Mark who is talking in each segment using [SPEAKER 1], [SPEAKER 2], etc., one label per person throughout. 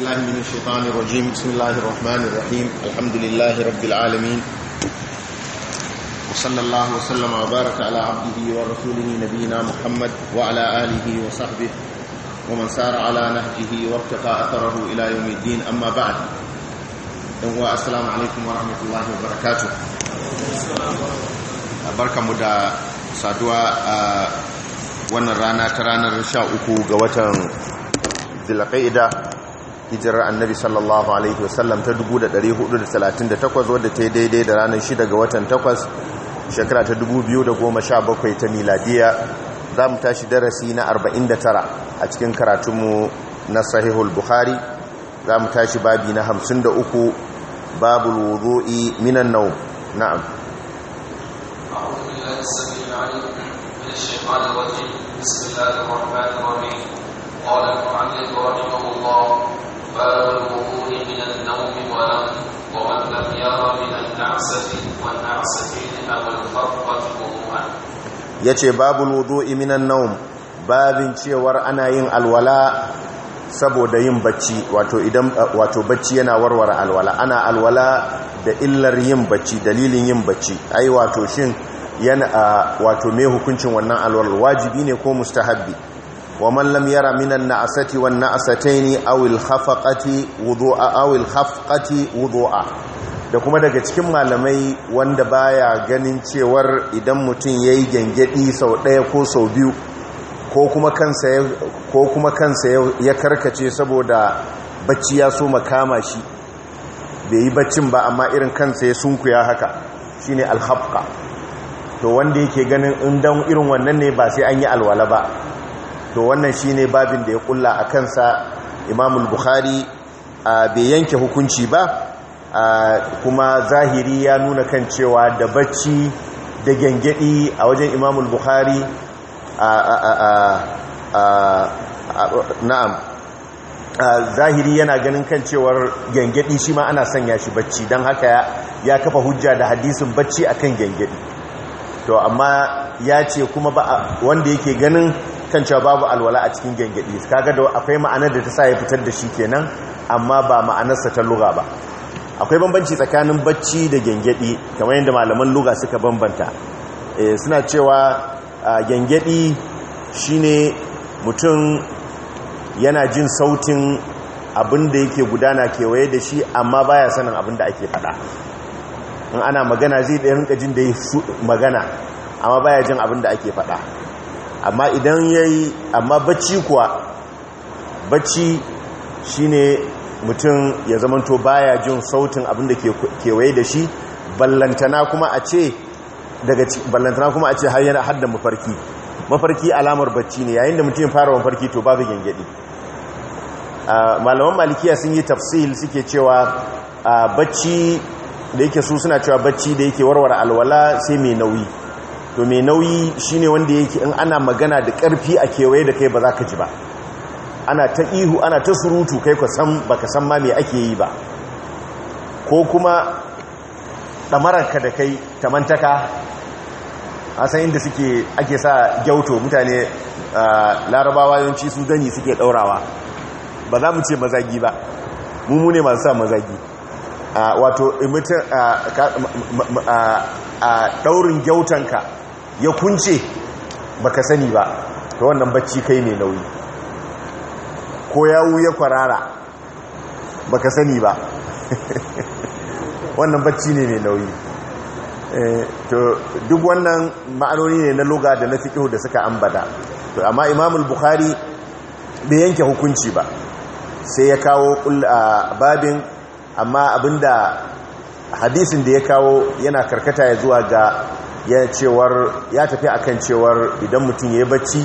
[SPEAKER 1] بالله من الشيطان الرجيم بسم الله الرحمن الرحيم الحمد لله رب العالمين وصلى الله وسلم وبارك على عبده ورسوله نبينا محمد وعلى آله وصحبه ومن سار على نهجه وارتقى أثره إلى يوم الدين أما بعد السلام عليكم ورحمة الله وبركاته بركة مدى سادوا wannan rana ta ranar 13 ga watan zilqaida hijirar annabi sallallahu alaihi wasallam ta 438 wadda ta yi daidai da ranar 6 ga watan 8 shekara ta 2017 ta miladiya za mu tashi darasi na 49 a cikin karatunmu na sahihul buhari za mu tashi babi na 53 babul wudu'i minan nau na'am
[SPEAKER 2] بسم الله الرحمن الرحيم قال المعلم رحمه الله باب الوضوء من النوم ولم ومن لم يرى من النعسة والنعستين أو الفرقة وضوءا
[SPEAKER 1] يتي باب الوضوء من النوم babin cewar ana yin alwala saboda yin bacci wato idan wato bacci yana warware alwala ana alwala da illar yin bacci dalilin yin bacci ai wato shin yana wato me hukuncin wannan alwala wajibi ne ko mustahabbi ومن لم ير من النعسة والنعستين أو الخفقة وضوء أو الخفقة وضوء da kuma daga cikin malamai wanda baya ganin cewar idan mutum ya yi gyangyaɗi sau ɗaya ko sau biyu ko kuma kansa ya karkace saboda bacci ya so makama shi bai yi baccin ba amma irin kansa ya sunkuya haka shine alhafka to wanda yake ganin idan irin wannan ne ba sai an yi alwala ba to wannan shi ne babin da ya kulla a kansa imamul bukhari bai yanke hukunci ba kuma zahiri ya nuna kan cewa da bacci da gyangyadi a wajen imamul bukhari na'am zahiri yana ganin kan cewar gyangyadi shi ma ana sanya shi bacci don haka ya kafa hujja da hadisin bacci akan gyangyadi to amma ya ce kuma ba wanda yake ganin kan cewa babu alwala a cikin gyangyaɗi kaga da akwai ma'anar da ta sa ya fitar da shi kenan amma ba ma'anarsa ta luga ba akwai bambanci tsakanin bacci da gyangyaɗi kamar yadda malaman luga suka bambanta eh, suna cewa gyangyaɗi shine mutum yana jin sautin abin da yake gudana kewaye da shi amma baya sanin abin da ake faɗa in ana magana zai da rinka jin da ya magana amma baya jin abin da ake faɗa amma idan yayi amma bacci kuwa bacci shi ne mutum ya zamanto baya jin sautin abin da kewaye da shi ballantana kuma a ce daga ballantana kuma a ce har yana hadda mafarki mafarki alamar bacci ne yayin da mutum ya fara mafarki to babu gengedi malaman malikiya sun yi tafsil suke cewa bacci da yake su suna cewa bacci da yake warware alwala sai mai nauyi to mai nauyi shine wanda yake in ana magana da ƙarfi a kewaye da kai ba za ka ji ba ana ta ihu ana ta surutu kai ka san ma mai ake yi ba ko kuma ɗamararka da kai tamantaka a san inda suke ake sa gyauto mutane larabawa yawanci su zani suke ɗaurawa ba za mu ce mazagi ba mu ne masu sa mazagi wato a ɗaurin gyautanka ya kunce baka sani ba ta wannan bacci kai mai nauyi ko yawu ya kwarara baka sani ba wannan bacci ne mai nauyi eh, to duk wannan ma'anoni ne na loga da na fiƙihu da suka ambata to amma imamul bukhari bai yanke hukunci ba sai ya kawo babin amma abinda hadisin da ya kawo yana karkata ya zuwa ga ya tafi a kan akan cewar idan mutum ya yi bacci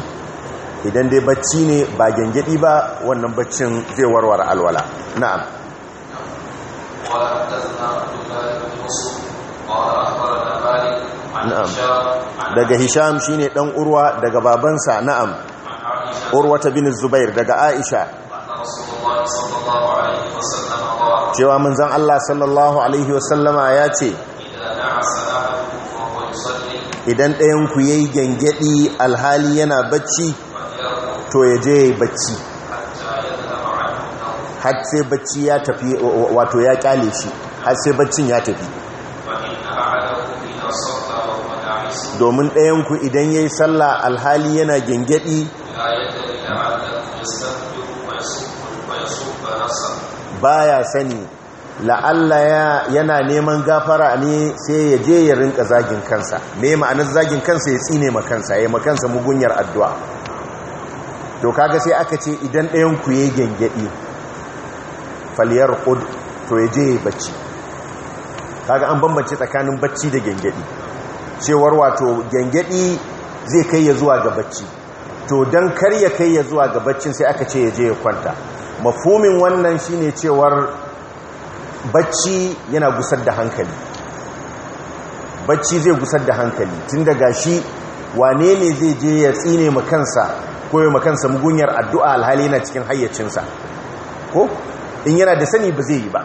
[SPEAKER 1] idan dai bacci ne ba gengedi ba wannan baccin zai warware alwala na'am daga hisham shine dan urwa daga babansa na'am urwa ta bin zubair daga aisha cewa manzon Allah sallallahu alaihi wasallama ya ce idan ɗayanku ku yi gyangyaɗi, alhali yana bacci to ya je ya yi bacci har sai bacci ya tafi wato ya ƙyale shi har sai baccin ya tafi domin ɗayanku ku idan yi sallah alhali yana gyangyaɗi. Ba ya sani la'alla yana neman gafara ne sai ya je ya rinka zagin kansa me ma'anar zagin kansa ya tsine ma kansa ya ma kansa mugunyar addu'a to kaga sai aka ce idan ɗayan ku yayi gengedi faliyar qud to ya je ya bacci kaga an bambance tsakanin bacci da gengedi cewar wato gengedi zai kai ya zuwa ga bacci to dan kar ya kai ya zuwa ga baccin sai aka ce ya je ya kwanta mafhumin wannan shine cewar bacci yana gusar da hankali bacci zai gusar da hankali tun daga shi wane ne zai je ya tsine makansa ko ya makansa mugunyar addu'a alhali yana cikin hayyacinsa ko in yana da sani ba zai yi ba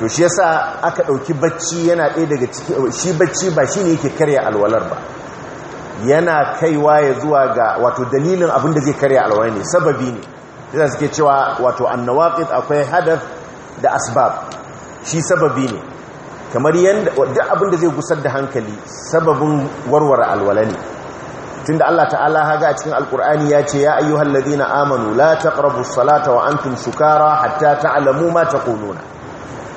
[SPEAKER 1] to shi yasa aka ɗauki bacci yana ɗaya daga ciki shi bacci ba shi ne yake karya alwalar ba yana kaiwa ya zuwa ga wato dalilin abin da zai karya alwalar ne sababi ne yasa suke cewa wato annawaqit akwai hadaf da asbab shi sababi ne kamar yadda duk abin da zai gusar da hankali sababin warware alwala ne tunda Allah ta'ala haga a cikin alkur'ani ya ce ya ayyuhal ladina amanu la taqrabu salata wa antum sukara hatta ta'lamu ma taquluna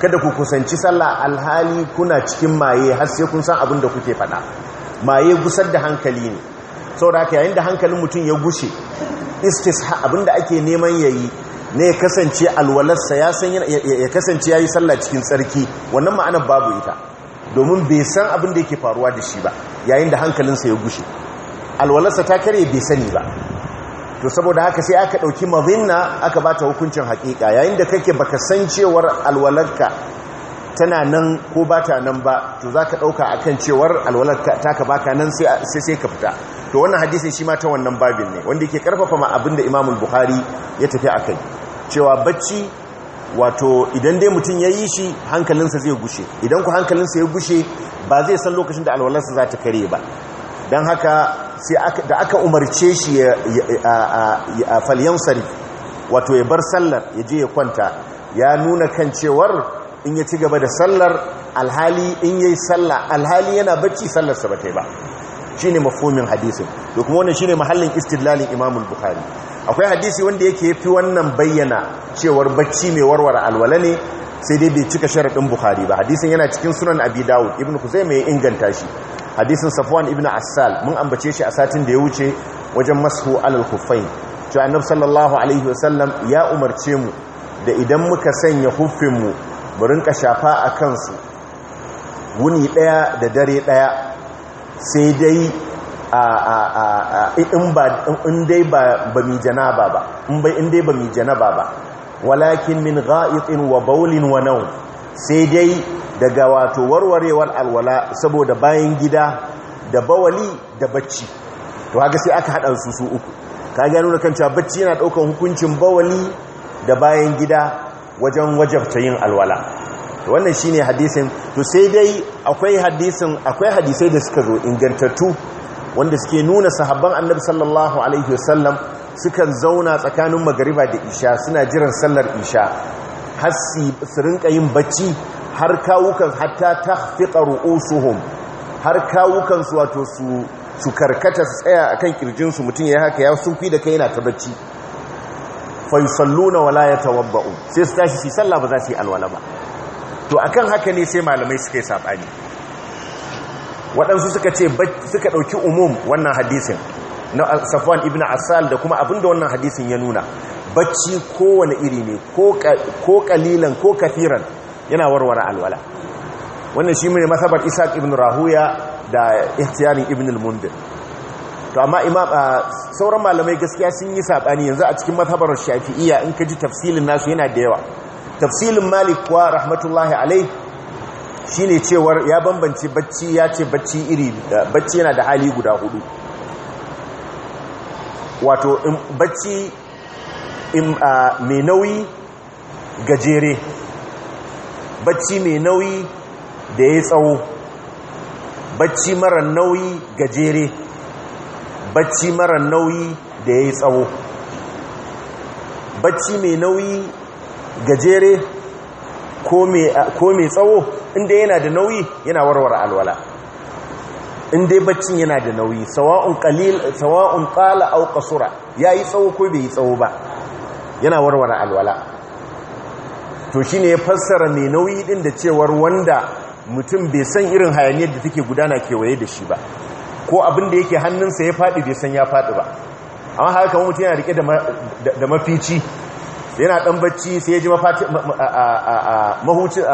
[SPEAKER 1] kada ku kusanci sallah alhali kuna cikin maye har sai kun san abin da kuke faɗa maye gusar da hankali ne saboda haka yayin da hankalin mutum ya gushe abin da ake neman yayi ne ya kasance alwalarsa ya san ya kasance yi sallah cikin tsarki wannan ma'anar babu ita domin bai san abin da yake faruwa da shi ba yayin da hankalinsa ya gushe alwalarsa ta kare bai sani ba to saboda haka sai aka ɗauki mazinna aka bata hukuncin hakika yayin da kake baka san cewar alwalarka tana nan ko ba ta nan ba to za ɗauka dauka kan cewar alwalarka ka baka nan sai sai ka fita to wannan hadisi shi ma ta wannan babin ne wanda yake karfafa ma abinda imamul buhari ya tafi a kai. cewa bacci wato idan dai mutum ya yi shi hankalinsa zai gushe idan ku hankalinsa ya gushe ba zai san lokacin da alwalarsa za ta kare ba don haka sai da aka umarce shi a falyan wato ya bar sallar ya je ya kwanta ya nuna kan cewar in ya ci gaba da sallar alhali in ya yi salla alhali yana bacci sallarsa ba ta yi ba shi ne mafomin hadisin da kuma wannan shi ne mahallin istidlalin imamul bukhari akwai hadisi wanda yake fi wannan bayyana cewar bacci mai warware alwala ne sai dai bai cika sharaɗin bukhari ba hadisin yana cikin sunan abi dawud ibn kuzai mai inganta shi hadisin safwan Ibnu assal mun ambace shi a satin da ya wuce wajen mashu alal khuffain to annabi sallallahu alaihi wasallam ya umarce mu da idan muka sanya huffin mu mu shafa a kansu wuni daya da dare daya sai dai in dai ba mi janaba ba in dai ba mi janaba ba walakin min ga'itin wa baulin wa nau sai dai daga wato warwarewar alwala saboda bayan gida da bawali da bacci to haka sai aka haɗa su su uku ka gano da kan cewa bacci yana ɗaukan hukuncin bawali da bayan gida wajen wajabta yin alwala To wannan shine hadisin to sai dai akwai hadisin akwai hadisai da suka zo ingantattu wanda suke nuna sahabban annabi sallallahu alaihi wasallam sukan zauna tsakanin magariba da isha suna jiran sallar isha har su rinka yin bacci har kawukan hatta tahfiqa ru'usuhum har kawukan su wato su su karkata su tsaya akan kirjin su mutun yayin haka ya sunfi da kai yana ta bacci fa yusalluna wala yatawabba'u sai su tashi su sallah ba za su yi alwala ba to akan haka ne sai malamai suka yi sabani waɗansu suka ce suka ɗauki umum wannan hadisin na safwan ibn asal da kuma abinda wannan hadisin ya nuna bacci kowane iri ne ko kalilan ko kafiran yana warware alwala wannan shi ne masabar isaac ibn rahuya da ihtiyarin ibn al-mundir to amma imam sauran malamai gaskiya sun yi saɓani yanzu a cikin masabar shafi'iyya in ka ji tafsilin nasu yana da yawa tafsilin malik kuwa rahmatullahi alai Shi ne cewar ya bambance bacci ya ce bacci iri bacci yana da hali guda hudu wato bacci mai nauyi gajere bacci mai nauyi da ya tsawo bacci mara nauyi gajere bacci mara nauyi da ya tsawo bacci mai nauyi gajere ko mai tsawo inda yana da nauyi yana warware alwala inda baccin yana da nauyi sawa'un qalil sawa'un qala aw qasura yayi tsawo ko bai tsawo ba yana warware alwala to shine ya fassara mai nauyi din da cewar wanda mutum bai san irin hayaniyar da take gudana kewaye da shi ba ko abin da yake hannunsa ya faɗi bai san ya faɗi ba amma haka mutum yana rike da mafici yana dan bacci sai ya ji mahucin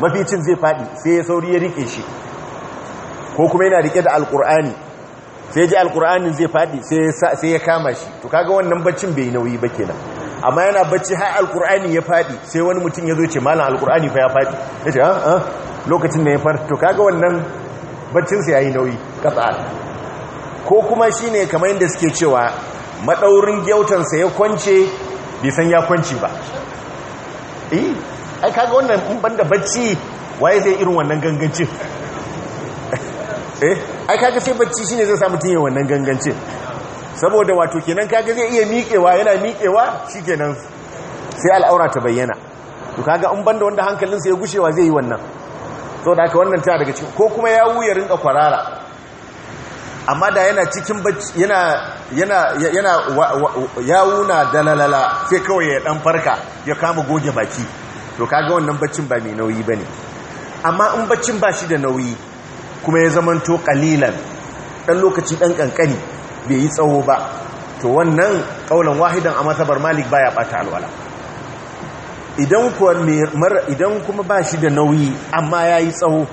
[SPEAKER 1] maficin zai faɗi sai ya sauri ya rike shi ko kuma yana rike da alkur'ani sai ji alkur'anin zai faɗi sai ya kama shi to kaga wannan baccin bai nauyi ba kenan amma yana bacci har alkur'ani ya faɗi sai wani mutum ya zo ce malam alkur'ani fa ya faɗi ya ce ah, ah lokacin da ya fara to kaga wannan baccinsa ya yi nauyi kasa'ar ko kuma shine kamar yadda suke cewa maɗaurin gyautansa ya kwance bai san ya kwance ba eh ai kaga wannan in banda bacci waye zai irin wannan gangancin eh ai kaga sai bacci shine zai samu tinye wannan gangancin saboda wato kenan kaga zai iya miƙewa yana miƙewa shikenan sai al'aura ta bayyana to kaga in banda wanda hankalinsa ya gushewa zai yi wannan saboda haka wannan ta daga cikin ko kuma ya wuya rinka kwarara amma da yana cikin bacci yana yana yawuna dalalala sai kawai ya dan farka ya kama goge baki to kaga wannan baccin ba mai nauyi ba ne amma in baccin ba shi da nauyi kuma ya zamanto kalilan dan lokaci dan kankani bai yi tsawo ba to wannan kaulan wahidan a matsabar malik baya bata alwala idan kuma ba shi da nauyi amma ya yi tsawo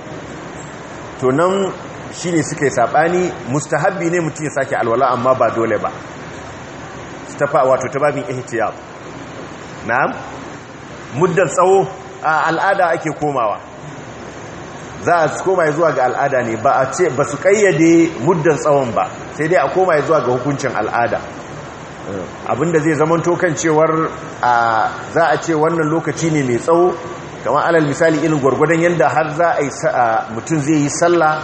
[SPEAKER 1] to nan shi suka suke saɓani mustahabbi ne mutum ya sake alwala amma ba dole ba tafa wato ta babin ihtiyab na'am muddar tsawo a al'ada ake komawa za a koma zuwa ga al'ada ne ba a ce ba su kayyade muddar tsawon ba sai dai a koma zuwa ga hukuncin al'ada abinda zai zama tokan cewar za a ce wannan lokaci ne mai tsawo kamar alal misali irin gwargwadon yadda har za a yi mutum zai yi sallah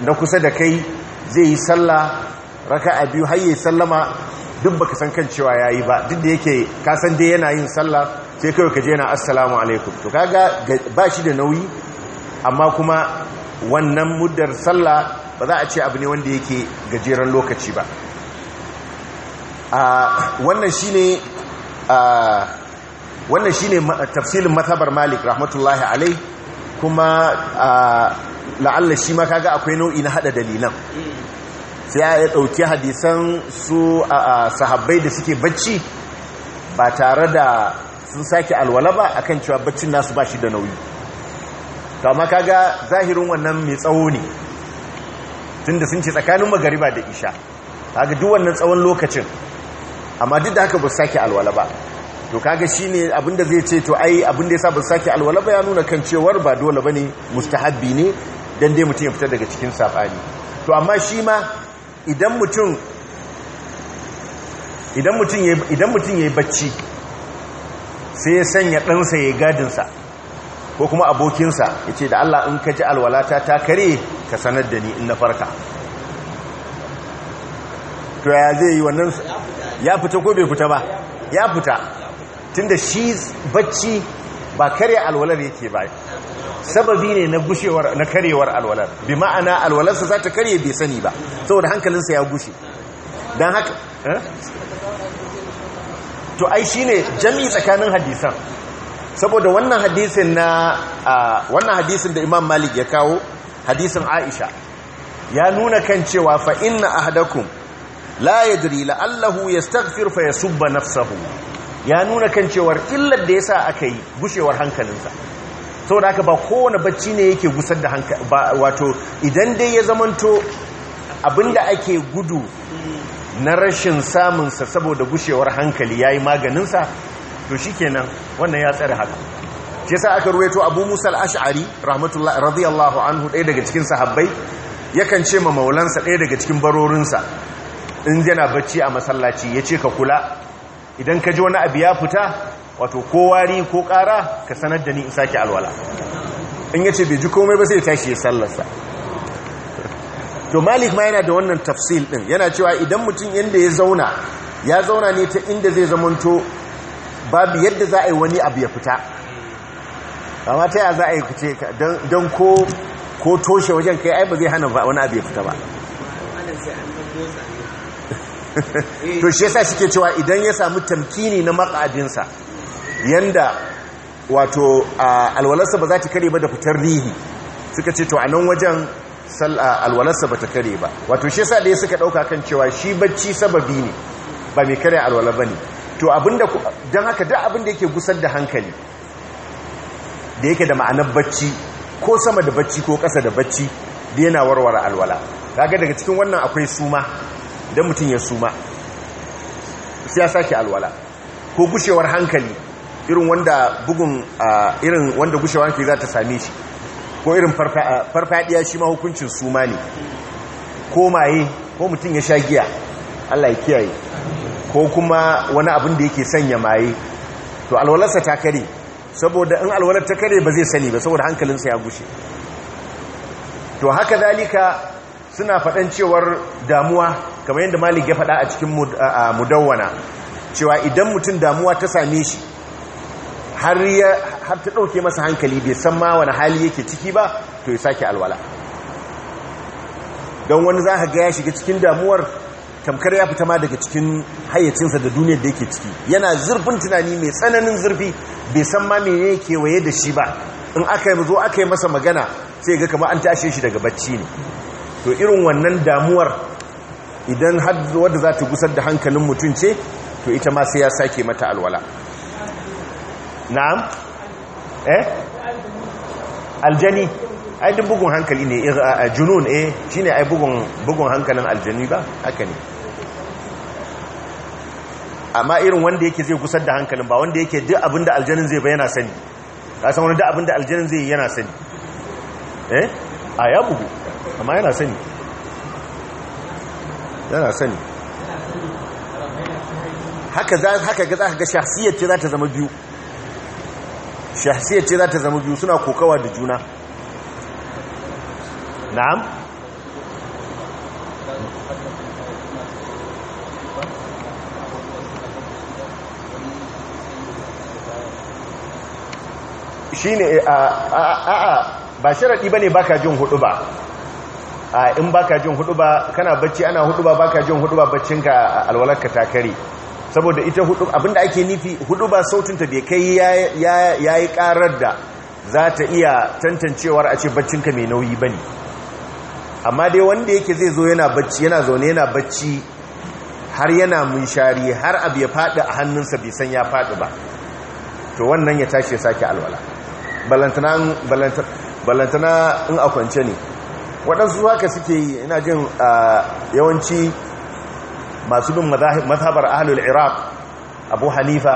[SPEAKER 1] na kusa da kai zai yi sallah a biyu har yi sallama duk baka san kan cewa ya yi ba duk da yake kasan dai yana yin sallah sai kawai ka je yana assalamu alaikum to kaga ba shi da nauyi amma kuma wannan muddar sallah ba za a ce abu ne wanda yake gajeren lokaci ba wannan shi ne tafsilin matabar Malik rahmatullahi alai kuma la'alla shi ma kaga akwai nau'i na hada dalilan sai ya dauki hadisan su a sahabbai da suke bacci ba tare da sun sake alwala ba akan cewa baccin nasu ba shi da nauyi to amma kaga zahirin wannan mai tsawo ne tunda sun ce tsakanin magariba da isha kaga duk wannan tsawon lokacin amma duk da haka ba sake alwala ba to kaga shine abinda zai ce to ai abinda yasa ba sake alwala ba ya nuna kan cewar ba dole bane mustahabbi ne don dai mutum ya fitar daga cikin saɓani to amma shi ma idan mutum ya yi bacci sai ya sanya ɗansa ya yi gadinsa ko kuma abokinsa ya ce da Allah in ka ji alwalata ta kare ka sanar da ni in na farka to ya zai yi wannan ya fita ko bai fita ba ya fita tun da shi bacci ba karya alwalar yake ba sababi ne na gushewar na karyewar alwalar bi ma'ana alwalarsa za ta karye bai sani ba saboda hankalinsa ya gushe don haka eh? to ai shine jami'i tsakanin hadisan saboda wannan hadisin na wannan hadisin da imam malik ya kawo hadisin aisha ya nuna kan cewa fa inna ahadakum la yadri la'allahu allahu yastaghfir fa yasubba nafsahu ya nuna kan cewar illar da yasa aka yi gushewar hankalinsa da aka ba kowane bacci ne yake gusar da hankali wato idan dai ya zamanto abinda ake gudu na rashin samunsa saboda gushewar hankali ya yi maganinsa to shi kenan wannan ya tsare haka ce sa aka ruwaito abu musal ash'ari radiyallahu anhu ɗaya daga cikin sahabbai yakan ce ma maulansa ɗaya daga cikin barorinsa in yana bacci a masallaci ya ce ka kula idan ka ji wani abu ya fita wato ko wari ko ƙara ka sanar da ni in sake alwala in ya ce bai ji komai ba sai ya tashi ya sallarsa to malik ma yana da wannan tafsil ɗin yana cewa idan mutum yadda ya zauna ya zauna ne ta inda zai zamanto babu yadda za a yi wani abu ya fita amma ta yaya za a yi fice don ko toshe wajen kai ai ba zai hana wani abu ya fita ba to shi yasa shi ke cewa idan ya samu tamkini na maka'adinsa yanda wato alwalarsa ba za ta kare ba da fitar rihi suka ce to a nan wajen alwalarsa ba ta kare ba wato shi yasa da ya suka ɗauka kan cewa shi bacci sababi ne ba mai kare alwala ba ne to abinda don haka da abinda yake gusar da hankali da yake da ma'anar bacci ko sama da bacci ko ƙasa da bacci da yana warware alwala kaga daga cikin wannan akwai suma idan mutum ya suma su ya sake alwala ko gushewar hankali irin wanda bugun irin wanda gushewar hankali za ta same shi ko irin farfadiya shi ma hukuncin suma ne ko maye ko mutum ya sha giya Allah ya kiyaye ko kuma wani abin da yake sanya maye to alwalarsa ta kare saboda in alwalar ta kare ba zai sani ba saboda hankalinsa ya gushe to haka zalika suna faɗan cewar damuwa kamar yadda malik ya faɗa a cikin mudawwana cewa idan mutum damuwa ta same shi har ta ɗauke masa hankali bai san ma wani hali yake ciki ba to ya sake alwala don wani za ka gaya shiga cikin damuwar tamkar ya fita ma daga cikin hayyacinsa da duniyar da yake ciki yana zurfin tunani mai tsananin zurfi bai san ma mene kewaye da shi ba in aka yi zo aka yi masa magana sai ga kama an tashe shi daga bacci ne to irin wannan damuwar idan har wadda za ta gusar da hankalin mutum ce to ita ma sai ya sake mata alwala na'am eh aljani ai bugun hankali ne eh, junun eh ne ai bugun bugun hankalin aljani ba haka ne amma irin wanda yake zai gusar da hankalin ba wanda yake duk abinda aljanin zai ba yana sani ka san wani duk abinda aljanin zai yana sani eh a ya bugu amma yana sani yana sani haka za haka ga ga shahsiyar ce za ta zama biyu shahsiyar ce za ta zama biyu suna kokawa da juna na'am shi ne a a ba ne ba baka jin hudu ba in baka jin hudu ba kana bacci ana hudu ba baka jin hudu ba baccinka alwalarka ta kare saboda ita hudu abinda ake nufi hudu ba ta bai kai yayi yi karar da za ta iya tantancewar a ce baccinka mai nauyi ba ne amma dai wanda yake zai zo yana bacci yana zaune yana bacci har yana munshari har abu ya faɗi a hannunsa bai san ya fadi ba to wannan ya tashi ya sake alwala balantana in a kwance ne waɗansu haka suke yi ina jin yawanci masu bin mazhabar ahalul iraq abu hanifa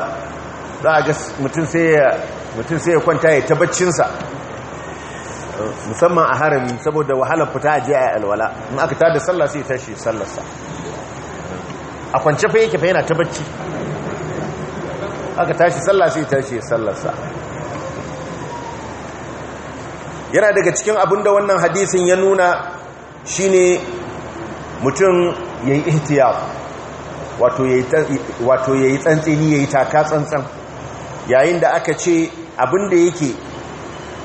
[SPEAKER 1] za a ga mutum sai ya kwanta ya tabbacinsa musamman a harami saboda wahalar fita a jiya a alwala in aka tada sallah sai tashi sallarsa a kwance fa yake fa yana tabbaci aka tashi sallah sai tashi sallarsa yana daga cikin abinda wannan hadisin ya nuna shine mutum ya yi ihtiya wato ya yi tsantsini ya yi taka tsantsan yayin da aka ce abin da yake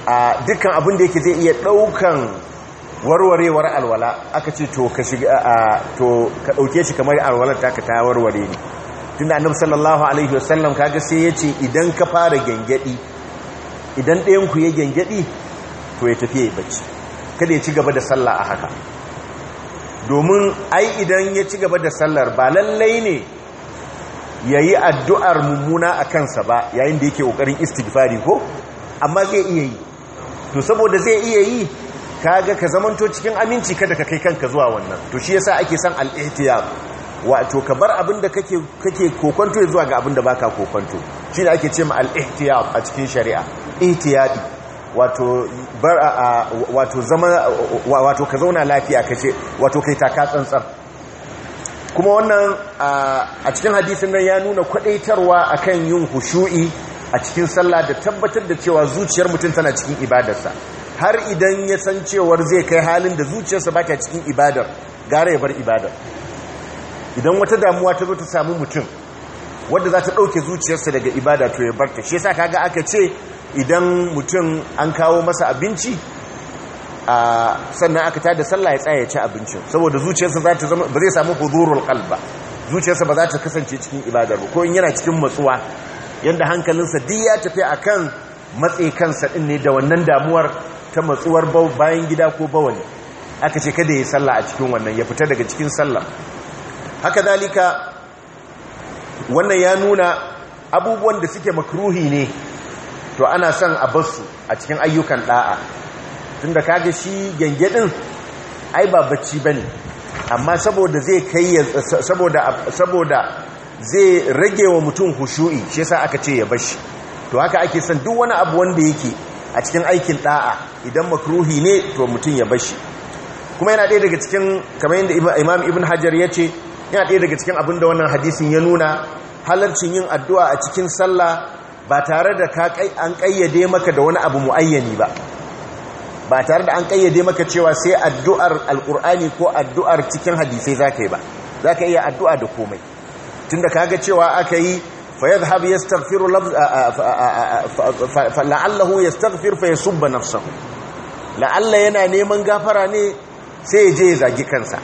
[SPEAKER 1] a dukkan abin da yake zai iya ɗaukan warwarewar alwala aka ce to ka ɗauke shi kamar alwalar taka ta warware ne tunda annabi sallallahu alaihi wasallam kaga sai ya ce idan ka fara gyangyaɗi idan ɗayan ku ya gyangyaɗi to ya tafi ya bacci kada ya ci gaba da sallah a haka domin ai idan ya ci gaba da sallar ba lallai ne ya yi addu'ar mummuna a kansa ba yayin da yake ƙoƙarin istighfari ko amma zai iya yi to saboda zai iya yi ka ga ka zamanto cikin aminci kada ka kai kanka zuwa wannan to shi yasa ake san al wato ka bar abin da kake kokonto ya zuwa ga abin da baka kokonto shi ne ake ce ma al a cikin shari'a ihtiyadi wato bar a wato zama wato ka zauna lafiya kace wato kai taka tsantsar kuma wannan a cikin hadisin nan ya nuna kwadaitarwa akan yin hushu'i a cikin sallah da tabbatar da cewa zuciyar mutum tana cikin ibadarsa har idan ya san cewar zai kai halin da zuciyarsa ba cikin ibadar gara ya bar ibadar idan wata damuwa ta zo ta samu mutum wadda za ta ɗauke zuciyarsa daga ibada to ya barta shi yasa kaga aka ce idan mutum an kawo masa abinci sannan aka tada sallah ya tsaya ya ci abincin saboda zuciyarsa za ta zama ba zai samu huzurul qalba zuciyarsa ba za ta kasance cikin ibada ba ko in yana cikin matsuwa yanda hankalinsa duk ya tafi akan matse kansa din ne da wannan damuwar ta matsuwar bayan gida ko bawani aka ce kada ya sallah a cikin wannan ya fita daga cikin sallah haka dalika wannan ya nuna abubuwan da suke makruhi ne to ana son a basu a cikin ayyukan da'a tunda kaga shi genge din ai ba bacci bane amma saboda zai kai saboda saboda zai rage wa mutum hushu'i shi yasa aka ce ya bashi to haka ake son duk wani abu wanda yake a cikin aikin da'a idan makruhi ne to mutum ya bashi kuma yana ɗaya daga cikin kamar yadda imam ibn hajar ya ce yana ɗaya daga cikin abinda wannan hadisin ya nuna halarcin yin addu'a a cikin sallah ba tare da an ƙayyade maka da wani abu mu'ayyani ba ba tare da an ƙayyade maka cewa sai addu'ar alƙur'ani ko addu'ar cikin hadisai za ka yi ba za ka iya addu'a da komai tunda kaga cewa aka yi yadhhab yastaghfiru la'allahu yastaghfir fa yasubba nafsahu la'alla yana neman gafara ne sai je ya zagi kansa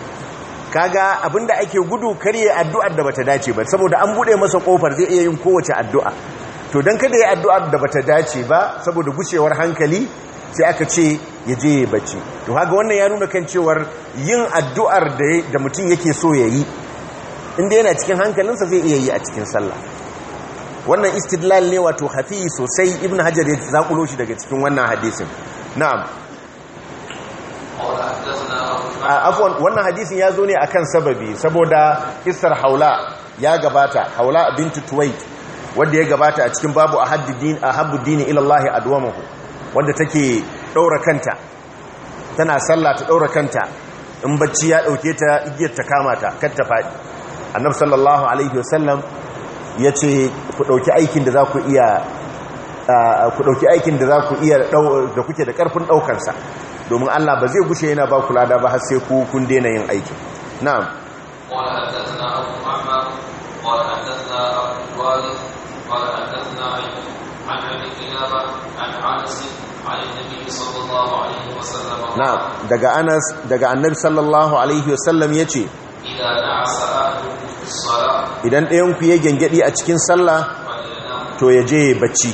[SPEAKER 1] kaga abinda ake gudu karye addu'ar da bata dace ba saboda an bude masa kofar zai iya yin kowace addu'a to don kada ya addu'ar da bata dace ba saboda gucewar hankali sai aka ce ya je ya bacci to haga wannan ya nuna kan cewar yin addu'ar da mutum yake so ya yi inda yana cikin hankalinsa zai iya yi a cikin sallah wannan istidlal ne wato hafi sosai ibn hajar ya zakulo shi daga cikin wannan hadisin na'am afwan wannan hadisin ya zo ne akan sababi saboda istar haula ya gabata haula bintu tuwait wanda ya gabata a cikin babu habbu dini ilallahi adwamahu wanda take ɗaura kanta tana sallah ta ɗaura kanta in bacci ya ɗauke ta igiyar ta kama ta kar ta faɗi annab sallallahu alaihi wasallam ya ce ku ɗauki aikin da za ku iya ku ɗauki aikin da za ku iya da kuke da ƙarfin ɗaukansa domin allah ba zai gushe yana ba kula da ba har sai ku kun daina yin aikin na'am
[SPEAKER 2] قال حدثنا أبو معمر قال حدثنا أبو الوالد daga annabi عن عن
[SPEAKER 1] ابي كلابه عن idan ɗayan ku ya gyangyaɗi a cikin sallah to ya je bacci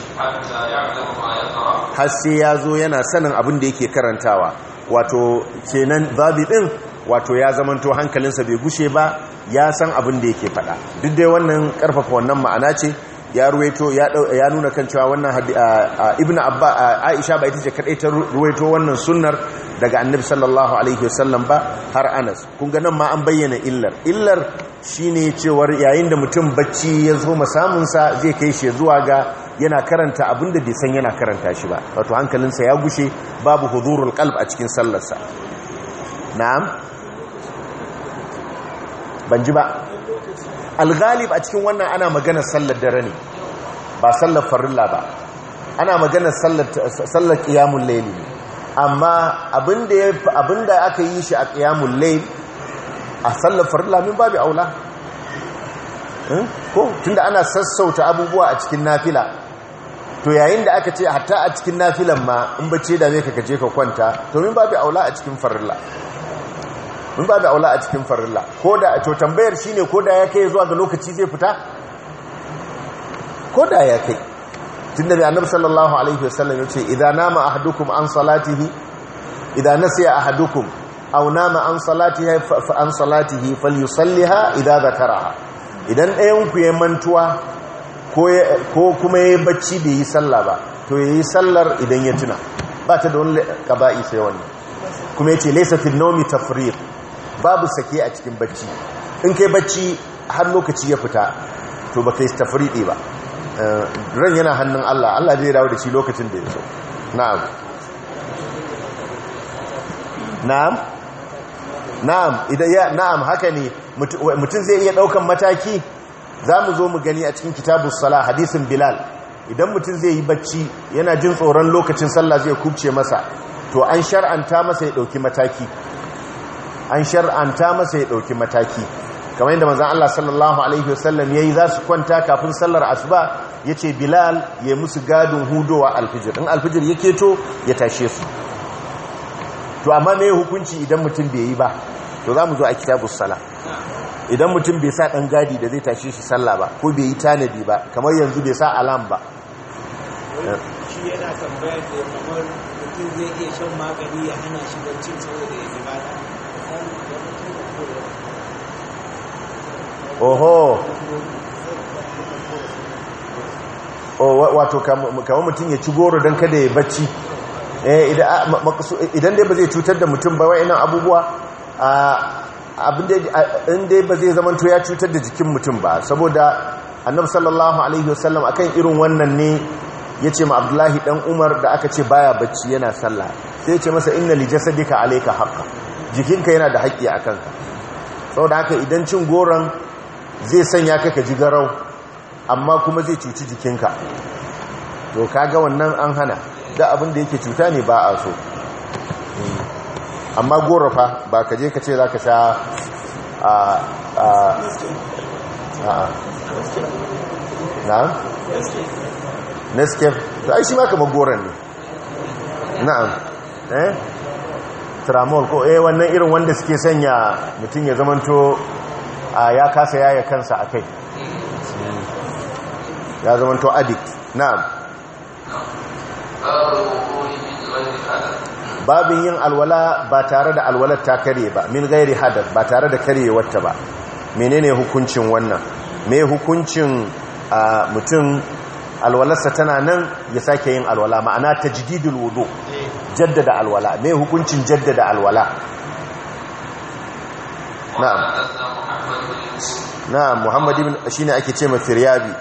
[SPEAKER 1] har sai ya zo yana sanin abin da yake karantawa wato kenan babi din wato ya zamanto hankalinsa bai gushe ba ya san abin da yake faɗa duk dai wannan ƙarfafa wannan ma'ana ce ya ruwaito ya nuna kan cewa wannan ibn abba aisha ba ita ce kadai ta ruwaito wannan sunnar daga annabi sallallahu alaihi wasallam ba har anas kun ga nan ma an bayyana illar illar shine cewa yayin da mutum bacci ya zo masamun sa zai kai shi zuwa ga yana karanta abinda bai san yana karanta shi ba wato hankalinsa ya gushe babu huzurul qalb a cikin sallar sa na'am ban ji ba alghalib a cikin wannan ana maganar sallar dare ne ba sallar farilla ba ana maganar sallar qiyamul layl ne amma abinda abinda aka yi shi a qiyamul layl a sallar farilla min babu aula hmm? ko tunda ana sassauta abubuwa a cikin nafila to yayin da aka ce hatta a cikin nafilan ma in bace da me ka kaje ka kwanta to min babu aula a cikin farilla Mun ba da aula a cikin farilla ko da a tambayar shi ne ko da ya kai zuwa ga lokaci zai fita ko da ya kai tun da annabi sallallahu alaihi wasallam ya ce idan nama ahadukum an salatihi idan a ahadukum aw nama an salatihi fa an salatihi falyusalliha idan ha? idan ɗayan ku ya mantuwa ko kuma ya bacci da yi sallah ba to ya yi sallar idan ya tuna ba ta da wani kaba'i sai wani. kuma ya ce laisa fi nomi tafriq babu sake a cikin bacci in kai bacci har lokaci ya fita to ba kai tafriɗi ba eh, ran yana hannun Allah Allah zai dawo da shi lokacin da ya so na'am na'am na'am idan ya na'am haka ne mutum zai iya daukan mataki zamu zo mu gani a cikin kitabus sala hadisin bilal idan mutum zai yi bacci yana jin tsoron lokacin sallah zai kubce masa to an shar'anta masa ya dauki mataki an shar'anta masa ya ɗauki mataki kamar yadda manzan Allah sallallahu Alaihi wasallam ya yi za su kwanta kafin sallar asuba ya ce bilal ya musu gadin hudowa alfijir in alfijir ya keto ya tashe su to amma me hukunci idan mutum bai yi ba to za mu zo a kitabus sala idan mutum bai sa ɗan gadi da zai tashe shi sallah ba ko bai yi tanadi ba kamar yanzu bai sa alam ba
[SPEAKER 2] shi yana tambaya da kamar mutum zai iya shan magani ya hana shi baccin saboda ya ibada
[SPEAKER 1] oho wato kama mutum ya ci goro don kada ya bacci eh, idan dai ba zai cutar da mutum ba wa'inan abubuwa in dai ba zai zamanto ya cutar da jikin mutum ba saboda annabi sallallahu alaihi wasallam akan irin wannan ne ya ce ma abdullahi dan umar da aka ce baya bacci yana sallah sai ce masa inna li jasadika alayka haqqa jikinka yana da haƙƙi a kanka saboda haka idan cin goron zai sanya ka ji garau amma kuma zai cuci jikinka to kaga wannan an hana da abin da yake cuta ne ba a so eh, amma gorafa ba ka je ka ce za ka sha a a
[SPEAKER 3] a na?
[SPEAKER 1] nescape to ai shi ma kama goran ne na'am eh tramol ko eh wannan irin wanda suke sanya mutum ya zamanto ya kasa yaya kansa a kai ya zama to addict na'am babin yin alwala ba tare da alwalar ta kare ba min gairi hadar ba tare da karewarta ba menene hukuncin wannan me hukuncin mutum alwalarsa tana nan ya sake yin alwala ma'ana ta jididul wudu jaddada alwala me hukuncin jaddada alwala
[SPEAKER 3] na'am
[SPEAKER 1] na muhammad ibn ne ake ce ma firyabi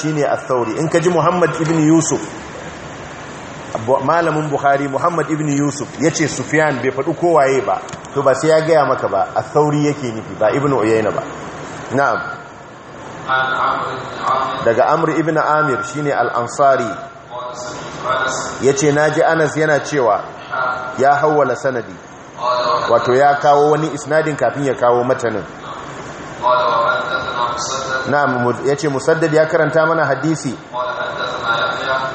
[SPEAKER 1] shi ne a in kaji muhammad ibn yusuf malamin bukhari muhammad ibn yusuf ya ce sufyan bai faɗi kowaye ba to ba sai ya gaya maka ba a yake nufi ba ibn uyayna ba na'am daga amur ibn amir shi ne alansari. ya ce na ji anas yana cewa ya hauwala sanadi wato ya kawo wani isnadin kafin ya kawo matanin
[SPEAKER 2] na'am yace
[SPEAKER 1] musaddad ya karanta mana hadisi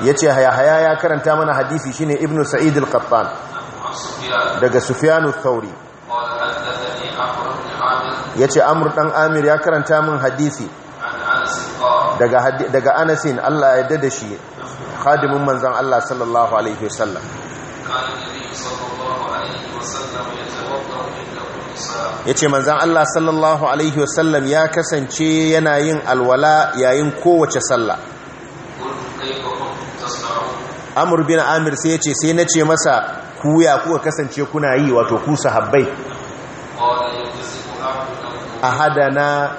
[SPEAKER 1] yace hayahaya ya karanta mana hadisi shine ibnu sa'id al-qattan daga sufyan al-thawri yace amr dan amir ya karanta min hadisi daga daga anasin Allah ya yarda shi khadimin manzon Allah sallallahu alaihi wasallam Yace ce manzan Allah sallallahu Alaihi wasallam ya kasance yana yin alwala yayin kowace sallah amur bin amir sai ya sai na ce masa kuya kuka kasance kuna yi wato ku sahabbai a hadana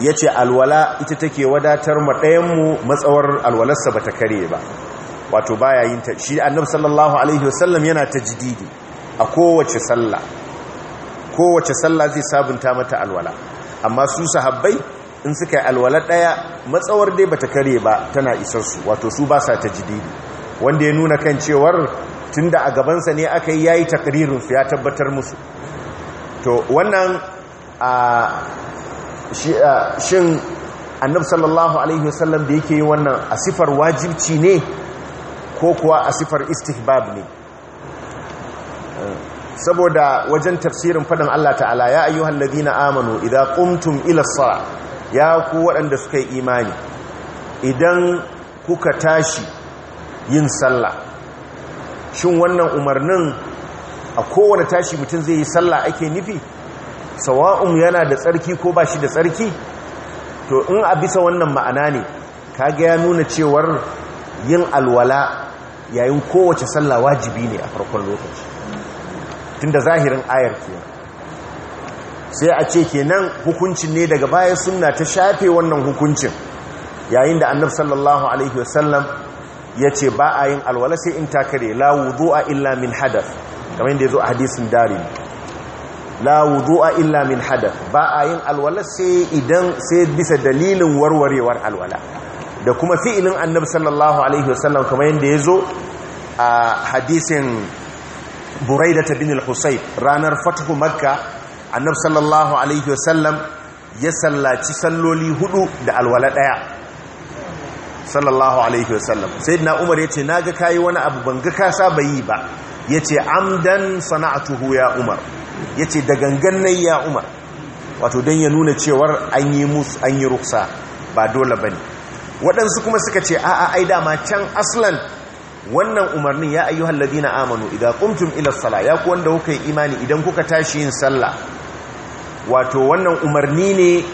[SPEAKER 1] ya alwala ita take wadatar mu matsawar alwalarsa ba ta kare ba wato baya yin ta shi annabi sallallahu alaihi wasallam yana tajdidi a kowace sallah kowace sallah zai sabunta mata alwala amma su sahabbai in suka yi alwala daya matsawar dai bata kare ba tana isar su wato su ba sa tajdidi wanda ya nuna kan cewar tunda a gabansa ne aka yi yayi takririn su ya tabbatar musu to wannan a shin annabi sallallahu alaihi wasallam da yake yi wannan a sifar wajibci ne ko kuwa a sifar istihbab ne saboda wajen tafsirin faɗan Allah ta'ala ya ayyuhal ladina amanu idza qumtum ila ya ku waɗanda suka yi imani idan kuka tashi yin sallah shin wannan umarnin a kowane tashi mutum zai yi sallah ake nufi sawa'un yana da tsarki ko ba shi da tsarki to in a bisa wannan ma'ana ne kaga ya nuna cewar yin alwala yayin kowace sallah wajibi ne a farkon lokaci tunda zahirin ayar ke. sai a ce kenan hukuncin ne daga baya sunna ta shafe wannan hukuncin yayin da annab sallallahu alaihi wasallam ya ce ba a yin alwala sai in takare la a illa min hadaf kamar yadda ya zo a hadisin dari la a illa min hadaf ba a yin alwala sai idan sai bisa dalilin warwarewar alwala da kuma fi'ilin annabi sallallahu alaihi wasallam kamar yadda ya zo a hadisin buraidata bin al-husayb ranar fathu makka annabi sallallahu alaihi wasallam ya sallaci salloli hudu da alwala daya sallallahu alaihi wasallam sayyidina umar yace naga kai wani abu banga ga ka saba yi ba yace amdan sana'atuhu ya umar yace da gangan nan ya umar wato dan ya nuna cewar an yi musu an yi ruksa ba dole bane waɗansu kuma suka ce a'a aida ma can aslan wannan umarnin ya halladi na amanu idan kumtum ila sala ya ku wanda kuka yi imani idan kuka tashi yin sallah wato wannan umarni ne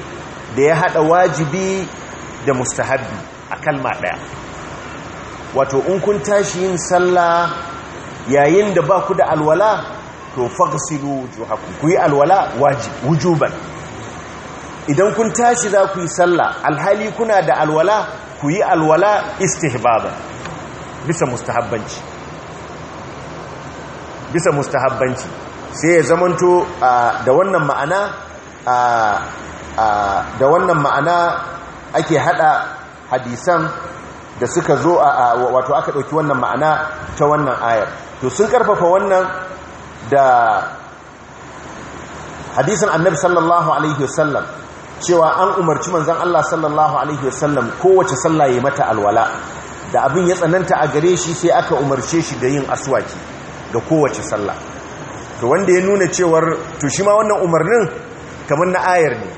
[SPEAKER 1] da ya haɗa wajibi da mustahabbi a kalma ɗaya wato in kun tashi yin sallah yayin da ba ku da alwala to faghsilu wujuhakum ku yi alwala wajibi wujuban idan kun tashi za ku yi sallah alhali kuna da alwala ku yi alwala istihbaban bisa mustahabbanci bisa mustahabbanci sai ya zamanto da wannan ma'ana da wannan ma'ana ake hada hadisan da suka zo a wato aka dauki wannan ma'ana ta wannan ayar to sun karfafa wannan da hadisan annabi sallallahu alaihi wasallam cewa an umarci manzan Allah sallallahu alaihi wasallam kowace sallah ya mata alwala da abin ya tsananta a gare shi sai aka umarce shi da yin asuwaki ga kowace sallah to wanda ya nuna cewar to shi ma wannan umarnin kamar na ayar ne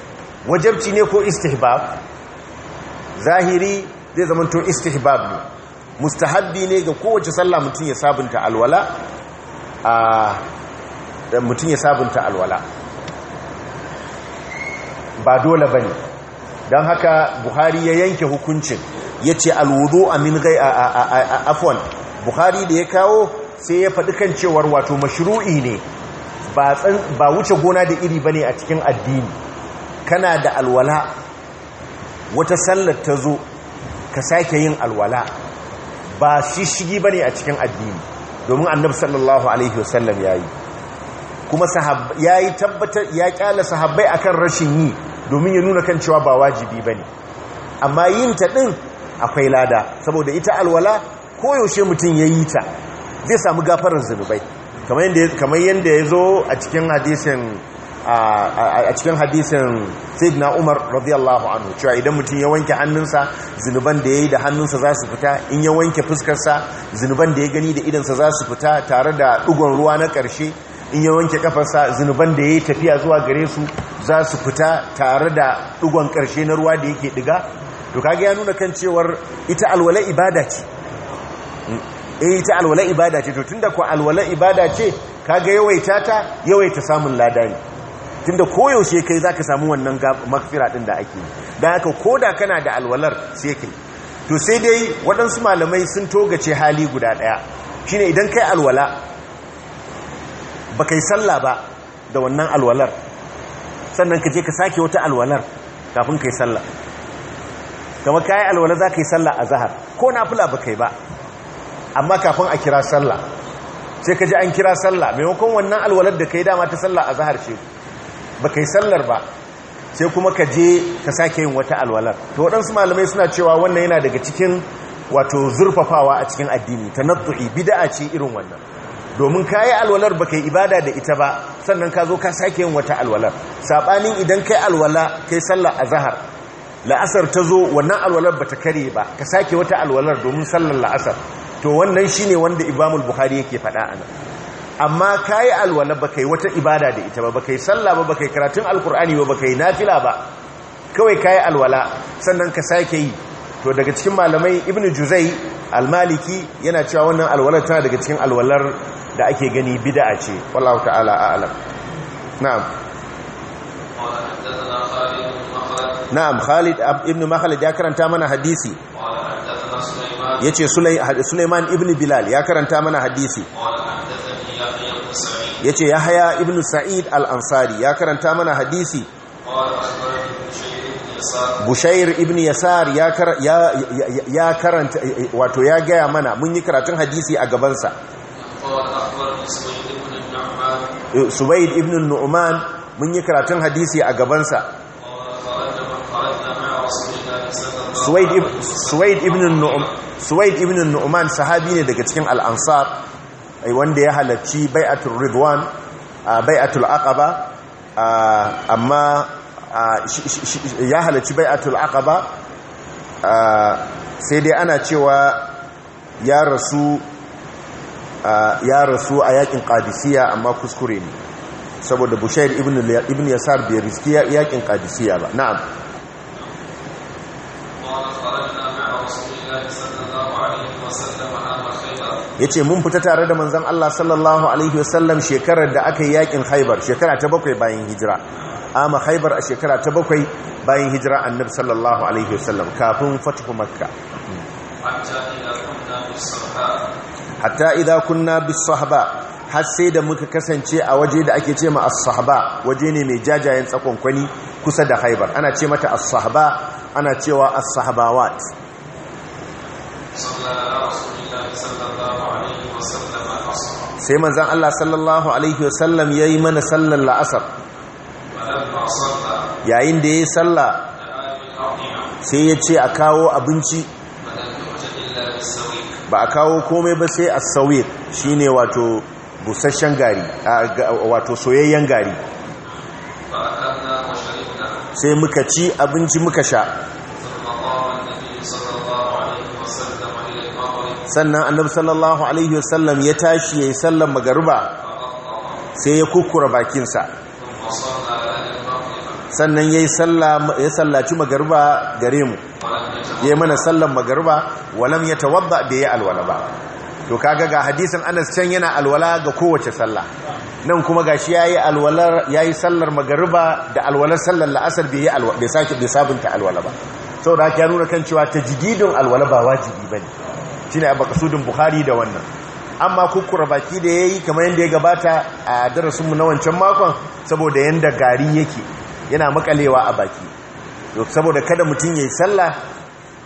[SPEAKER 1] wajabci ne ko istihbab zahiri zai zama to istihbab ne mustahabbi ne ga kowace sallah mutum ya sabunta alwala ah, a mutum ya sabunta alwala ba dole ba ne don haka buhari ya yanke hukuncin ya ce alwudu amin gai a afon buhari da ya kawo sai ya faɗi kan cewar wato mashru'i ne ba wuce gona da iri ba ne a cikin addini kana da alwala wata sallar ta zo ka sake yin alwala ba shishigi ba ne a cikin addini domin annabi sallallahu alaihi wasallam ya yi kuma ya yi tabbatar ya kyala sahabbai akan rashin yi domin ya nuna kan cewa ba wajibi ba ne amma yin ta ɗin akwai lada saboda ita alwala koyaushe mutum ya yi ta zai samu gafarar zunubai kamar yadda ya zo a cikin hadisin a umar radiyallahu anhu cewa idan mutum ya wanke hannunsa zunuban da ya yi da hannunsa za su fita in ya wanke fuskarsa zunuban da ya gani da idansa za su fita tare da ɗugon ruwa na ƙarshe in ya wanke kafarsa zinuban da ya yi tafiya zuwa gare su za su fita tare da dugon karshe na ruwa da yake diga to kage ya nuna kan cewar ita alwala ibada ce eh ita alwala ibada ce to tunda ko alwala ibada ce kage yawaita ta yawaita samun lada ne tunda koyaushe kai zaka samu wannan magfira din da ake dan haka koda kana da alwalar sai to sai dai waɗansu malamai sun togace hali guda ɗaya shine idan kai alwala ba kai sallah ba da wannan alwalar sannan ka je ka sake wata alwalar kafin kai sallah kama ka yi alwalar za ka yi sallah a zahar ko na fula ba kai ba amma kafin a kira sallah sai ka ji an kira sallah maimakon wannan alwalar da ka yi dama ta sallah a zahar ce ba kai sallar ba sai kuma ka je ka sake yin wata alwalar to waɗansu malamai suna cewa wannan yana daga cikin wato zurfafawa a cikin addini ta nattu'i bida'a ce irin wannan domin ka yi alwalar ba ka ibada da ita ba sannan ka zo ka sake yin wata alwalar saɓanin idan ka yi alwala ka yi sallar zahar la'asar ta zo wannan alwalar ba ta kare ba ka sake wata alwalar domin sallar la'asar to wannan shi ne wanda ibamul buhari yake faɗa a nan amma ka yi alwala ba ka yi wata ibada da ita ba ba ka yi sallah ba ba ka yi karatun alkur'ani ba ba ka yi nafila ba kawai ka yi alwala sannan ka sake yi to daga cikin malamai ibn juzai almaliki yana cewa wannan alwalar tana daga cikin alwalar da ake gani bid'a ce wallahu ta'ala a'lam na'am na'am Khalid ibn Makhlad ya karanta mana hadisi yace Sulaiman ibn Bilal ya karanta mana hadisi yace Yahya ibn Sa'id al-Ansari ya karanta mana hadisi Bushair ibn Yasar ya karanta wato ya gaya mana mun yi karatun hadisi a gabansa suwaid ibn nu'man mun yi karatun hadisi a gabansa يكراتن
[SPEAKER 2] حديثي
[SPEAKER 1] أقبنسا Suwaid ibn Nu'man sahabi ne daga cikin al'ansar wanda ya halarci bai'atul Ridwan bai'atul Aqaba amma ya halarci bai'atul Aqaba sai dai ana cewa ya rasu ya rasu a yakin kadisiya amma kuskure ne saboda bushayar ibn yasar bai riski yakin kadisiya ba na'am ya ce mun fita tare da manzan Allah sallallahu Alaihi wasallam shekarar da aka yi yakin haibar shekara ta bakwai bayan hijira amma haibar a shekara ta bakwai bayan hijira annab sallallahu Alaihi wasallam kafin fatihu makka hatta idan kunna bi sahaba har sai da muka kasance a waje da ake ce ma as-sahaba waje ne mai jajayen tsakonkwani kusa da haibar ana ce mata as-sahaba ana cewa as-sahabawat sai manzan Allah sallallahu alaihi wasallam ya yi mana sallar la'asar yayin da ya yi sallah sai ya ce a kawo abinci ba a kawo komai ba sai sauye shi shine wato busasshen gari wato soyayyen gari sai muka ci abinci muka sha sannan annabi sallallahu alaihi wasallam ya tashi ya yi sallar magariba sai ya kukura bakinsa sannan ya sallaci magarba gare mu ya yi mana sallan magarba walam ya tawadda da ya alwala ba to kaga ga hadisin anas can yana alwala ga kowace sallah nan kuma gashi yayi alwalar yi sallar magariba da alwalar sallar la'asar bai alwa sake da sabunta alwala ba sau da ya nuna kan cewa ta tajdidun alwala ba wajibi shi shine a bakasudin buhari da wannan amma kukkura baki da ya yi kamar yadda ya gabata a darasin na wancan makon saboda yadda gari yake yana makalewa a baki saboda kada mutum ya yi sallah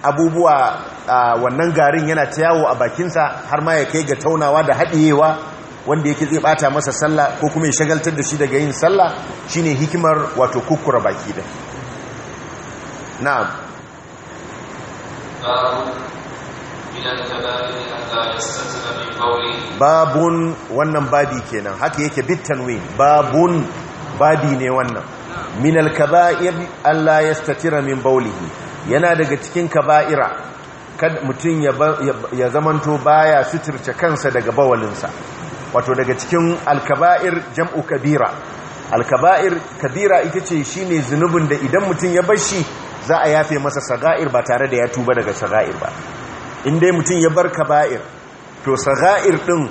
[SPEAKER 1] abubuwa a wannan garin yana ta yawo a bakinsa har ma ya kai ga taunawa da haɗiyewa wanda yake zai bata masa sallah ko kuma ya shagaltar da shi daga yin sallah shine hikimar wato kukkura baki da na'am babun wannan babi kenan haka yake bitanwi babun babi ne wannan min al-kaba'ir Allah yastatira min bawlihi yana daga cikin kaba'ira kad mutun ya ya zamanto baya suturce kansa daga bawalinsa wato daga cikin al-kaba'ir jam'u kabira al-kaba'ir kabira ita ce shine zunubin da idan mutun ya bar shi za a yafe masa saga'ir ba tare da ya tuba daga saga'ir ba in dai mutun ya bar kaba'ir to saga'ir din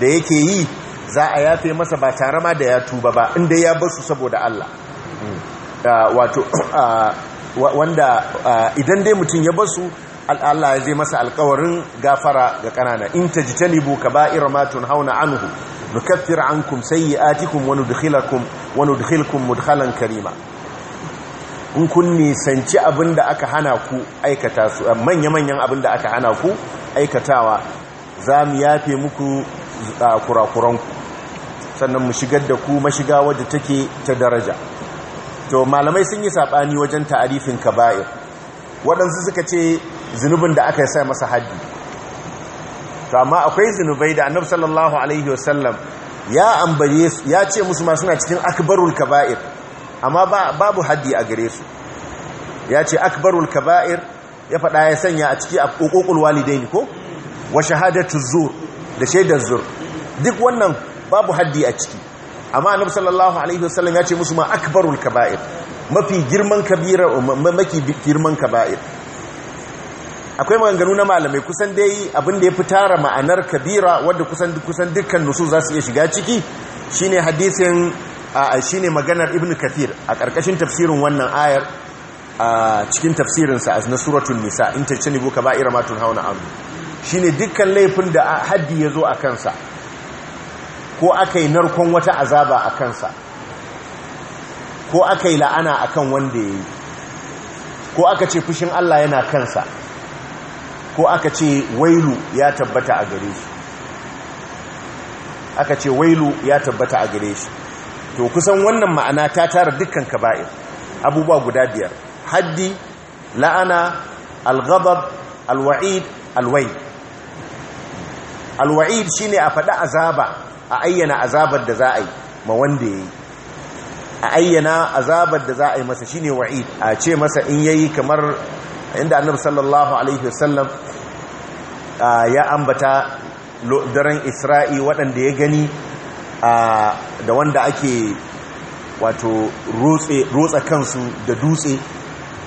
[SPEAKER 1] da yake yi za a yafe masa ba tare ma da ya tuba ba inda ya basu saboda Allah
[SPEAKER 3] hmm.
[SPEAKER 1] ah, wato ah, wanda ah, idan dai mutum ya basu Allah ya zai masa alkawarin gafara ga kanana in ta tajtanibu kaba'ira ma tunhauna anhu nukaffir ankum sayyi'atikum wa nudkhilakum wani nudkhilkum mudhalan karima in kun nisanci da aka hana ku aikata su eh, manya-manyan abinda aka hana ku aikatawa za mu yafe muku kurakuranku sannan mu shigar da ku mashiga wadda take ta daraja to malamai sun yi saɓani wajen ta'arifin kaba'ir waɗansu suka ce zunubin da aka sa masa haddi to amma akwai zunubai da annabi sallallahu alaihi wasallam ya ambare su ya ce musu ma suna cikin akbarul kaba'ir amma babu haddi a gare su ya ce akbarul kaba'ir ya faɗa ya sanya a ciki a ƙoƙoƙul walidaini ko wa shahadatu zur da shaidar zur duk wannan babu haddi a ciki amma annabi sallallahu alaihi wasallam ya ce musu ma akbarul kaba'ir mafi girman kabira mafi girman kaba'ir akwai maganganu na malamai kusan dai abin da ya fi tara ma'anar kabira wanda kusan kusan dukkan nusu za su iya shiga ciki shine hadisin shine maganar ibnu kathir a ƙarƙashin tafsirin wannan ayar a cikin tafsirin sa na suratul nisa in tajtanibu kaba'ir ma tunhauna Shi shine dukkan laifin da haddi ya zo a kansa ko aka yi narkon wata azaba a kansa ko aka yi la'ana a kan wanda ya yi ko aka ce fushin Allah yana kansa ko aka ce wailu ya tabbata a gare shi aka ce wailu ya tabbata a gare shi to kusan wannan ma'ana ta tara dukkan kaba'ir abubuwa guda biyar haddi la'ana algabab alwa'id alwaid alwa'id shine a faɗi azaba a ayyana azabar da za a yi ma wanda ya yi a ayyana azabar da za a yi masa shine wa'id a ce masa in ya yi kamar inda annabu sallallahu alaihi wasallam ya ambata daren isra'i waɗanda ya gani da wanda ake wato rotsa kansu da dutse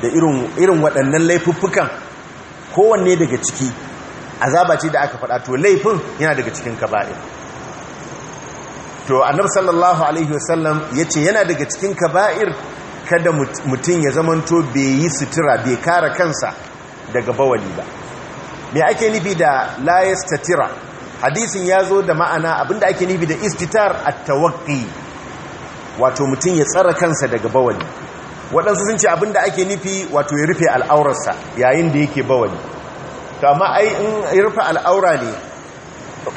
[SPEAKER 1] da irin waɗannan laifuffukan kowanne daga ciki azaba ce da aka faɗa to laifin yana daga cikin kaba'ir to annabi sallallahu alaihi wasallam yace yana daga cikin kaba'ir kada mutum ya zamanto bai yi sutura bai kara kansa daga bawali ba me ake nufi da la yastatira hadisin ya zo da ma'ana abinda ake nufi da istitar at-tawaqqi wato mutum ya tsara kansa daga bawali waɗansu sun ce abinda ake nufi wato ya rufe al'aurarsa yayin da yake bawali to amma ai in rufe al'aura ne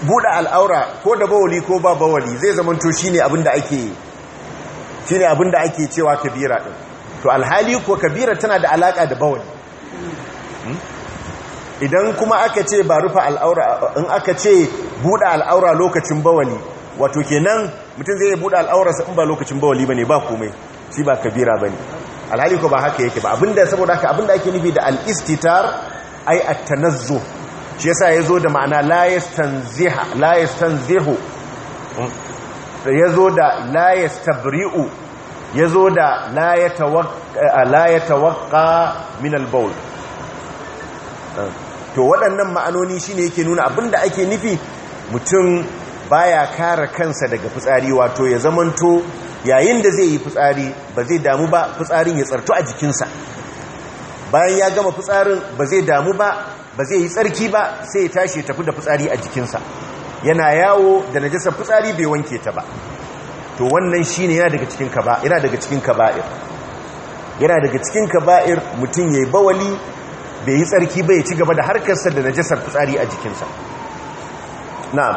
[SPEAKER 1] buɗe al'aura ko da bawali ko ba bawali zai zamanto shi ne abinda ake shi ne abinda ake cewa kabira ɗin to alhali ko kabira tana da alaƙa da bawali hmm? idan kuma aka ce ba rufe al'aura in aka ce buɗe al'aura lokacin bawali wato kenan mutum zai buɗe sa in ba lokacin bawali ba ne ba komai shi ba kabira ba ne alhali ko ba haka yake ba abinda saboda haka abinda ake nufi da al'istitar ai a tanazzo shi yasa ya zo da ma'ana la tanzihu hmm? ya zo yazo da la yastabri'u zo da layata yatawaqqa eh, min hmm. to waɗannan ma'anoni shi ne yake nuna abinda ake nufi mutum baya kare kansa daga fitsari wato ya zamanto yayin da zai yi fitsari ba zai damu ba fitsarin ya tsartu a jikinsa bayan ya gama fitsarin ba zai damu ba ba zai yi tsarki ba sai ya tashi tafi da fitsari a jikinsa yana yawo da najasar fitsari bai wanke ta ba to wannan shine yana daga cikin yana daga cikin kaba'ir yana daga cikin kaba'ir mutum yayi bawali bai yi tsarki ba ya ci gaba da harkarsa da najasar fitsari a jikinsa na'am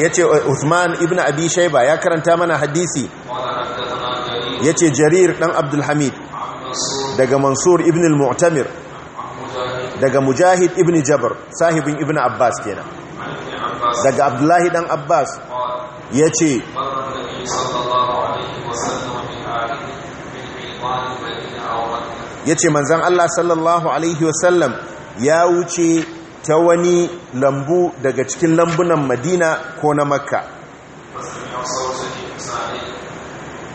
[SPEAKER 1] ya ce Usman ibn Abi Shaiba ya karanta mana hadisi yace jarir dan abdulhamid daga mansur ibn al-mu'tamir daga mujahid ibn jabar sahibin ibn abbas kenan daga abdullahi dan abbas yace yace manzon Allah sallallahu alaihi wasallam ya wuce ta wani lambu daga cikin lambunan Madina ko na Makka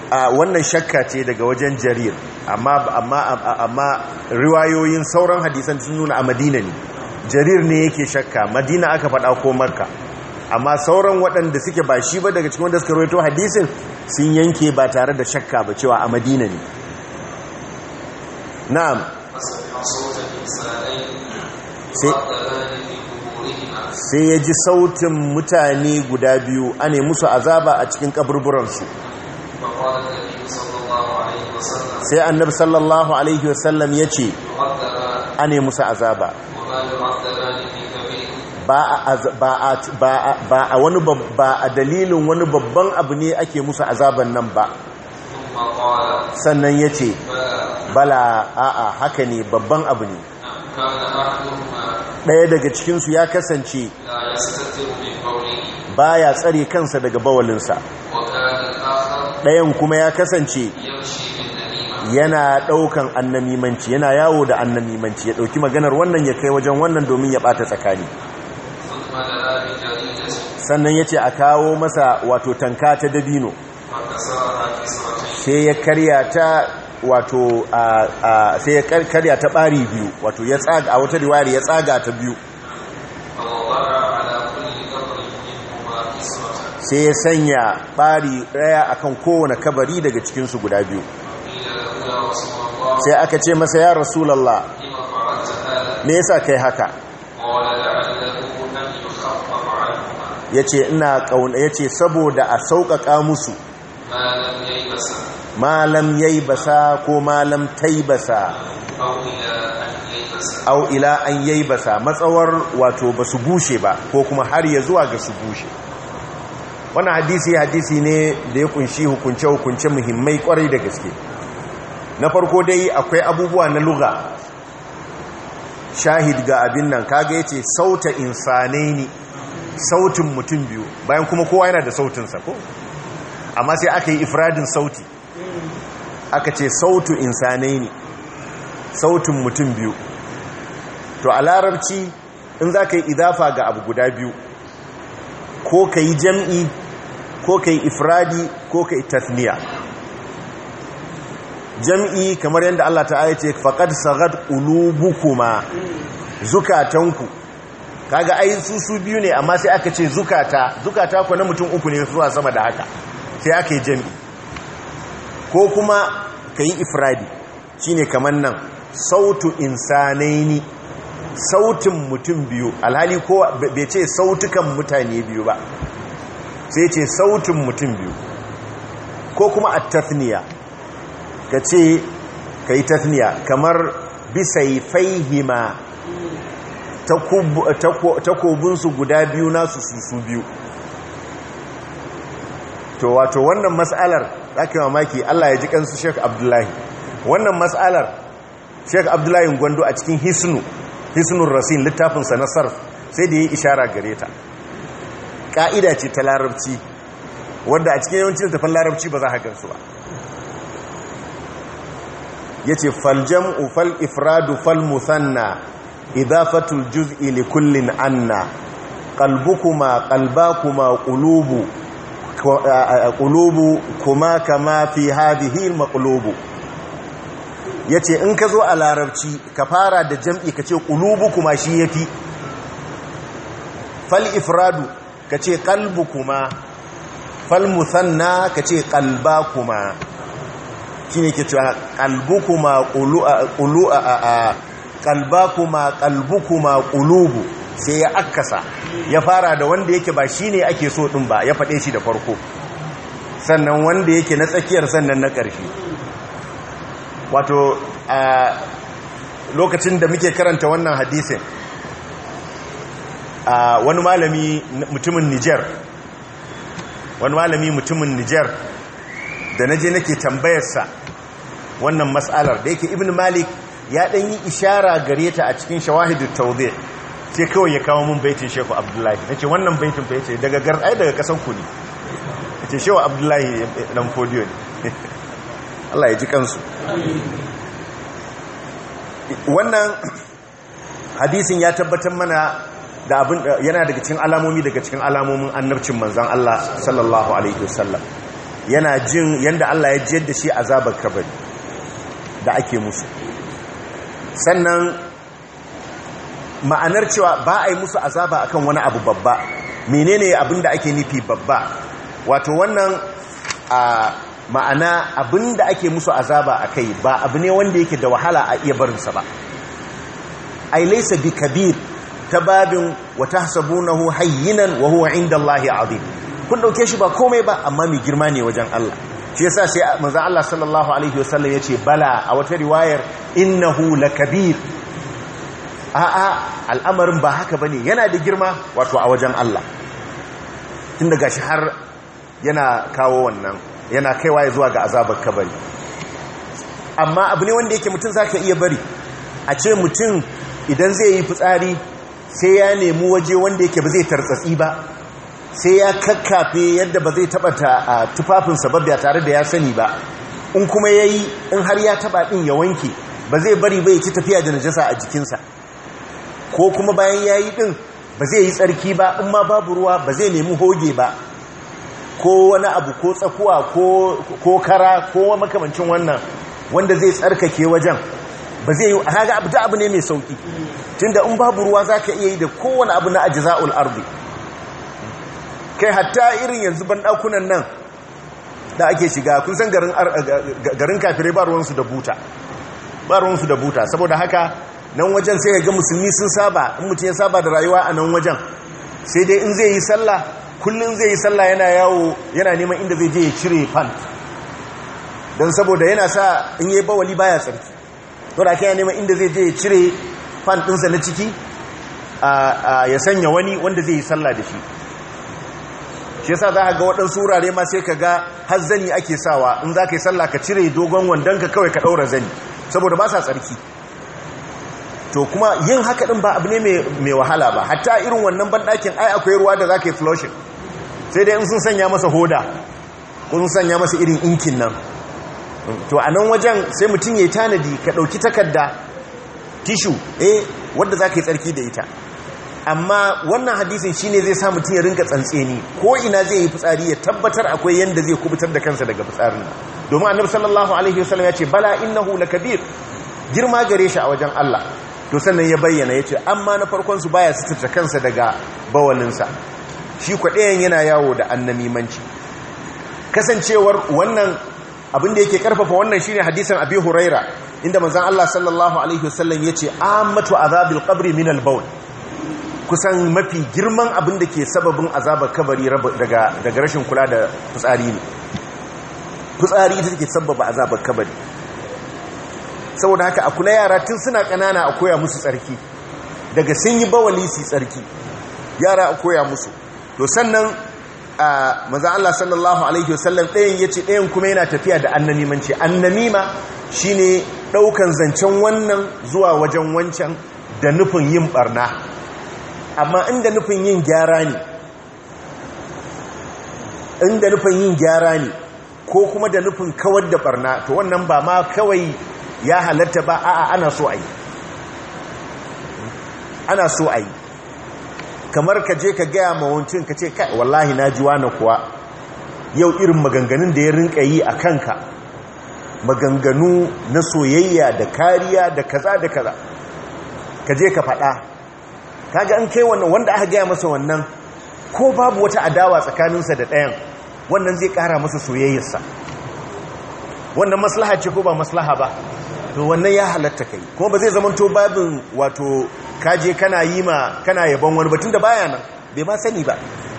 [SPEAKER 1] wannan shakka ce daga wajen jarir amma riwayoyin sauran hadisan sun nuna a madina ne jarir ne yake shakka madina aka faɗa ko marka amma sauran waɗanda suke ba shi ba daga cikin wanda suka rawaito hadisin sun yanke ba tare da shakka ba cewa a madina ne na'am sai ya ji sautin mutane guda biyu ane musu azaba a cikin kaburburansu sai annabi sallallahu alaihi wasallam ya ce ne musu azaba ba a dalilin wani babban abu ne ake musu azaban nan ba sannan ya ce bala a'a haka ne babban abu ne ɗaya daga cikinsu ya kasance ba ya tsare kansa daga bawalinsa ɗayan kuma ya kasance yana daukan annamimanci yana yawo da annamimanci ya dauki maganar wannan ya kai wajen wannan domin ya bata tsakani sannan yace a kawo masa wato tanka ta dabino sai ya karya ta wato bari biyu wato ya tsaga a wata riwayar ya tsaga ta biyu sai ya sanya bari daya akan kowane kabari daga cikinsu guda biyu
[SPEAKER 2] sai aka ce masa ya
[SPEAKER 1] rasulallah me yasa kai haka ya ce ina kauna. ya saboda a sauƙaƙa musu malam yayi basa ko malam taibasa au ila an yayi basa matsawar wato basu bushe ba ko kuma har ya zuwa ga su bushe wannan hadisi hadisi ne da ya kunshi hukunce-hukunce muhimmai kwarai da gaske na farko dai akwai abubuwa na luga shahid ga abin nan kaga yace sauta sane ni sautin mutum biyu bayan kuma kowa yana da sautin sa ko amma sai aka yi ifradin sauti aka ce sautu insanai ne sautin mutum biyu to a larabci in za ka yi idafa ga abu guda biyu ko ka yi jam'i ko ka yi ifradi ko ka yi tasniya jam'i kamar yadda Allah ta ayace faƙad sagad ulubukuma zukatanku kaga ai su su biyu ne amma sai aka ce zukata zukata ko na mutum uku ne zuwa sama da haka sai aka yi jam'i ko kuma kayi ifradi shine kamar nan sautu insanaini sautin mutum biyu alhali ko bai ce sautukan mutane biyu ba sai ce sautin mutum biyu ko kuma a tafniya ka ce ka yi tasniya kamar bisa fa'ihima takobinsu guda biyu nasu su biyu to wato wannan matsalar yi mamaki Allah ya ji kansu Sheikh Abdullahi wannan matsalar Sheikh Abdullahi Gwando a cikin Hisnu Hisnun Rasin littafinsa na sarf sai da yi ishara gare ta ka'ida ce ta larabci wadda a cikin yawancin tafin larabci ba za a gansu ba yace fal jam'u fal ifradu fal musanna idafatul juz'i li kullin anna qalbukuma qalbakuma qulubu qulubu kuma kama fi hadhihi maqlubu yace in ka zo a larabci ka fara da jam'i kace qulubukuma shi yafi fal ifradu kace qalbukuma fal musanna kace qalbakuma shi ne ke cewa kalbukuma kalbakuma kalbukuma kulubu sai ya akasa ya fara da wanda yake ba shi ne ake so ɗin ba ya faɗe shi da farko sannan wanda yake na tsakiyar sannan na ƙarfi wato a lokacin da muke karanta wannan hadisin wani malami mutumin niger wani malami mutumin niger da na je nake tambayarsa wannan matsalar da yake ibn malik ya ɗan yi ishara gare ta a cikin shawahidu taube sai kawai ya kawo mun baitin sheku abdullahi na ce wannan baitin fa yace daga garɗai daga kasan ku ne ya ce shewa abdullahi ɗan fodiyo ne allah ya ji kansu wannan hadisin ya tabbatar mana da abin yana daga cikin alamomi daga cikin alamomin annabcin manzan allah sallallahu alaihi wasallam yana jin yadda Allah ya jiyar da shi azabar kabari da ake musu sannan ma'anar cewa ba a yi musu azaba akan wani abu babba menene abin da ake nufi babba wato wannan ma'ana abin da ake musu azaba a kai ba abu ne wanda yake da wahala a iya barinsa ba ai laisa bi kabir ta babin wata hasabunahu hayyinan wa huwa inda ya abin kun dauke shi ba komai ba amma mai girma ne wajen Allah shi yasa sai manzo Allah sallallahu alaihi wasallam yace bala a wata riwayar innahu lakabir a'a al'amarin ba haka bane yana da girma wato a wajen Allah tunda gashi har yana kawo wannan yana kaiwa zuwa ga azabar kabari amma abu ne wanda yake mutum zaka iya bari a ce mutum idan zai yi fitsari sai ya nemi waje wanda yake ba zai tartsatsi ba sai ya kakkafe yadda ba zai taba ta tufafinsa ba tare da ya sani ba in kuma ya yi in har ya taba ɗin ya wanke ba zai bari bai ci tafiya da najasa a jikinsa ko kuma bayan ya yi ɗin ba zai yi tsarki ba in ma babu ruwa ba zai nemi hoge ba ko wani abu ko tsakuwa ko kara ko makamancin wannan wanda zai tsarkake wajen ba zai yi haga abu ta abu ne mai sauki tunda in babu ruwa za ka iya yi da kowane abu na ajiza'ul ardi kai hatta irin yanzu banɗakunan nan da ake shiga kun san garin kafirai ba ruwansu da buta ba ruwansu da buta saboda haka nan wajen sai ya ga musulmi sun saba in mutum ya saba da rayuwa a nan wajen sai dai in zai yi sallah kullum zai yi sallah yana yawo yana neman inda zai je ya cire fan don saboda yana sa in yi bawali baya tsarki to da kai neman inda zai je ya cire fan ɗinsa na ciki ya sanya wani wanda zai yi sallah da shi shi yasa za ka ga waɗansu wurare ma sai ka ga har zani ake sawa in za ka yi sallah ka cire dogon wandon ka kawai ka ɗaura zani saboda ba sa tsarki to kuma yin haka ɗin ba abu ne mai wahala ba hatta irin wannan banɗakin ai akwai ruwa da za ka yi flushing sai dai in sun sanya masa hoda ko sun sanya masa irin inkin nan to a nan wajen sai mutum ya yi tanadi ka ɗauki takarda tishu eh wadda za ka yi tsarki da ita amma wannan hadisin shi ne zai sa mutum ya rinka ni ko ina zai yi fitsari ya tabbatar akwai yadda zai kubutar da kansa daga fitsarin domin annabi sallallahu alaihi wasallam ya ce bala innahu lakabir girma gare shi a wajen Allah to sannan ya bayyana ya ce amma na farkon su baya suturta kansa daga bawalinsa shi kwaɗayan yana yawo da annamimanci kasancewar wannan abin da yake karfafa wannan shine hadisin abi huraira inda manzon Allah sallallahu alaihi wasallam yace Amatu azabil qabri min al bawl kusan mafi girman abin da ke sababin azabar kabari daga rashin kula da fitsari ne fitsari ita ke sababa azabar kabari saboda haka a kula yara tun suna kanana a koya musu tsarki daga sun yi bawali su tsarki yara a koya musu to sannan a maza Allah sallallahu alaihi wasallam ɗayan ya ce ɗayan kuma yana tafiya da annamimanci annamima shine ɗaukan zancen wannan zuwa wajen wancan da nufin yin ɓarna. amma inda nufin yin gyara ne inda nufin yin gyara ne ko kuma da nufin kawar da barna to wannan ba ma kawai ya halatta ba a'a ana so a yi ana so a yi kamar ka je ka gaya mawancin ka ce kai wallahi na ji na kuwa yau irin maganganun da ya rinka yi a kanka maganganu na soyayya da kariya da kaza da kaza ka je ka faɗa kaga an kai wannan wanda aka gaya masa wannan ko babu wata adawa tsakaninsa da ɗayan wannan zai ƙara masa soyayyarsa wannan maslaha ce ko ba maslaha ba to wannan ya halatta kai kuma ba zai zama to babin wato kaje kana yi ma kana yabon wani batun da baya nan bai ma sani ba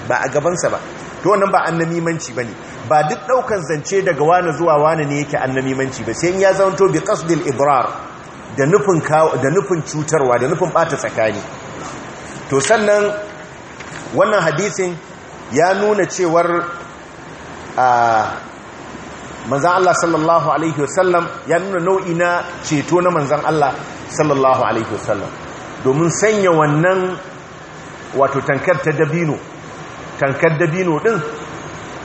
[SPEAKER 1] ba a gabansa ba to wannan ba annamimanci bane ba duk ɗaukan zance daga wani zuwa wani ne yake annamimanci ba sai in ya zama to bi qasdil ibrar da nufin da nufin cutarwa da nufin bata tsakani to sannan wannan hadisin ya nuna cewar a manzan Allah sallallahu Alaihi wasallam ya nuna nau'i na ceto na manzan Allah sallallahu Alaihi wasallam domin sanya wannan wato tankar ta dabino tankar dabino din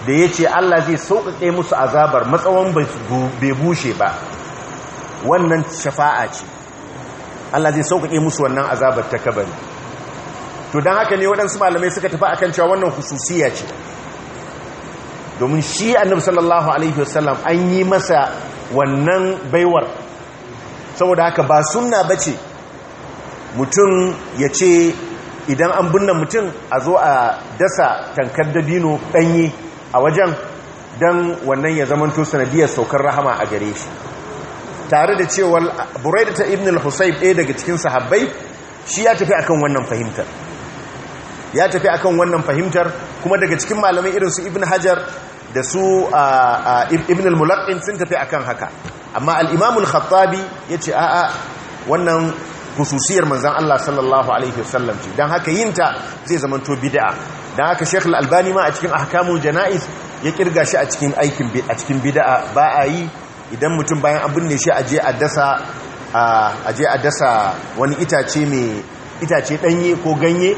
[SPEAKER 1] da ya ce Allah zai sauƙaƙe musu azabar matsawan bai bushe ba wannan shafa'a ce Allah zai sauƙaƙe musu wannan azabar ta kabari to don haka ne waɗansu malamai suka tafi a kan cewa wannan hususiya ce domin shi annabi sallallahu alaihi wasallam an yi masa wannan baiwar saboda haka ba sunna ba ce mutum ya ce idan an binne mutum a zo a dasa tankar dabino ɗanyi a wajen don wannan ya zama zamanto sanadiyar saukar rahama a gare shi tare da cewar buraida ta ibn al-husayb ɗaya daga cikin sahabbai shi ya tafi akan wannan fahimtar ya tafi akan wannan fahimtar kuma daga cikin malamai irin su ibn hajar da su ibn al-mulaqin sun tafi akan haka amma al-imam al-khattabi yace a'a wannan kususiyar manzan Allah sallallahu alaihi wasallam ce dan haka yinta zai zamanto bid'a dan haka Sheikh al-Albani ma a cikin ahkamul janaiz ya kirga shi a cikin aikin a cikin bid'a ba a yi idan mutum bayan abin ne shi a je a dasa a je a dasa wani itace mai itace danye ko ganye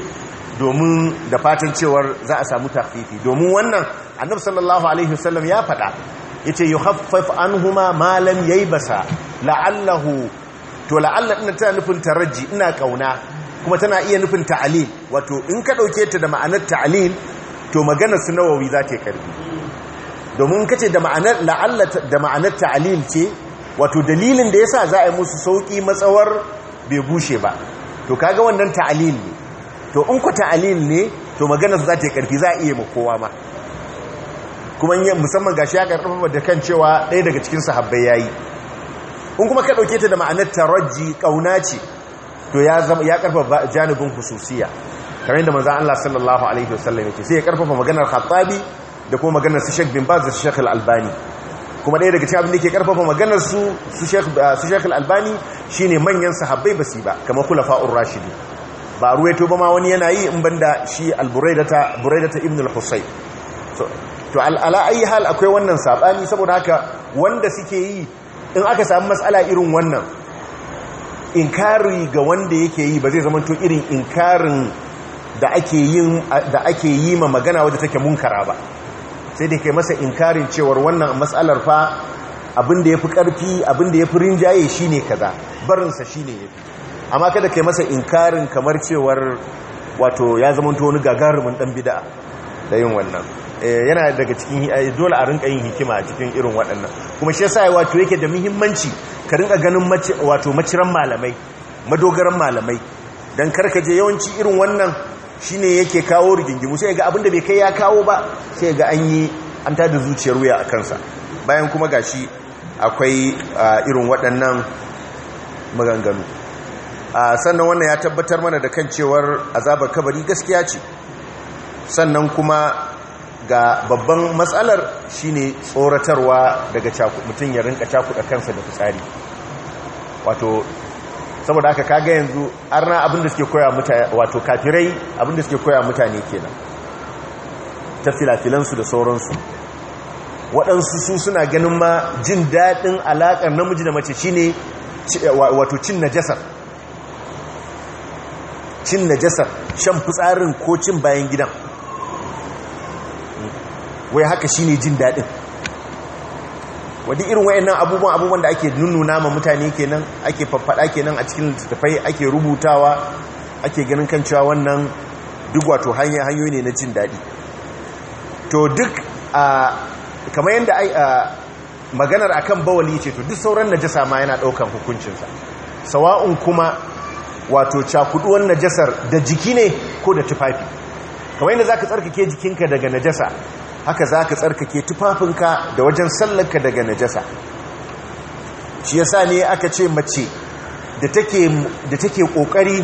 [SPEAKER 1] domin da fatan cewar za a samu tafifi domin wannan annabi sallallahu alaihi wasallam ya faɗa yace yuhaffaf anhuma ma yi basa, la'allahu to la'alla ina tana nufin taraji ina kauna kuma tana iya nufin ta'alil wato in ka ɗauke ta da ma'anar ta'alil to maganar su nawawi za ta karbi domin kace da ma'anar da ma'anar ta'alil ce wato dalilin da ya sa za a yi musu sauki matsawar bai bushe ba to kaga wannan ta'alil ne to in ku ta'alil ne to maganar za ta yi karfi za a iya ma kowa ma kuma musamman musamman gashi ya karfafa da kan cewa ɗaya daga cikin sahabbai yayi in kuma ka ɗauke ta da ma'anar taraji ƙauna ce to ya karfafa janibin hususiya kamar yadda manzan Allah sallallahu alaihi wasallam yake sai ya karfafa maganar khattabi da kuma maganar su Sheikh bin Baz da su Sheikh Al-Albani kuma ɗaya daga cikin abin da ke karfafa maganar su su Sheikh Al-Albani shine manyan sahabbai basi ba kamar khulafa'ur rashidi ba ruwaito ba ma wani yana yi in banda shi alburaidata, ibn al-husayn to ala ayi hal akwai wannan sabani saboda haka wanda suke yi in aka samu matsala irin wannan inkari ga wanda yake yi ba zai zama to irin inkarin da ake yin da ake yi ma magana wadda take munkara ba sai da kai masa inkarin cewar wannan matsalar fa abin da yafi karfi abin da yafi rinjaye shine kaza barinsa shine yafi amma kada kai masa inkarin kamar cewar wato ya zama wani gagarumin dan bid'a da yin wannan eh, yana daga cikin eh, dole a rinka yin hikima a cikin irin waɗannan kuma shi yasa wato yake da muhimmanci ka rinka ganin wato maciran malamai madogaran malamai dan je yawanci irin wannan shine yake kawo rigingimu sai ga da bai kai ya kawo ba sai ga an yi an tada zuciyar wuya a kansa bayan kuma ga shi akwai ah, irin waɗannan maganganu sannan wannan ya tabbatar mana da kan cewar azabar kabari gaskiya ce sannan kuma ga babban matsalar shine tsoratarwa daga mutum ya rinka cakuɗa kansa da fitsari wato saboda aka kaga yanzu arna abinda suke koya mutane wato kafirai abinda suke koya mutane kenan ta filafilansu da sauransu waɗansu su suna ganin ma jin daɗin alaƙar namiji da mace shine wato cin najasar cin najasar shan fitsarin ko cin bayan gidan wai haka shine jin daɗin wadda irin wayannan abubuwan abubuwan da ake nunnuna ma mutane kenan ake faffaɗa kenan a cikin littattafai ake rubutawa ake ganin kan cewa wannan duk wato hanyoyi ne na jin daɗi to duk a kamar yadda maganar akan bawali ce to duk sauran najasa ma yana ɗaukan hukuncinsa sawa'un kuma wato cakuɗuwan najasar da jiki ne ko da tufafi Kawai ne za ka tsarkake jikinka daga najasa haka za ka tsarkake tufafinka da wajen sallanka daga najasa shi yasa ne aka ce mace da take kokari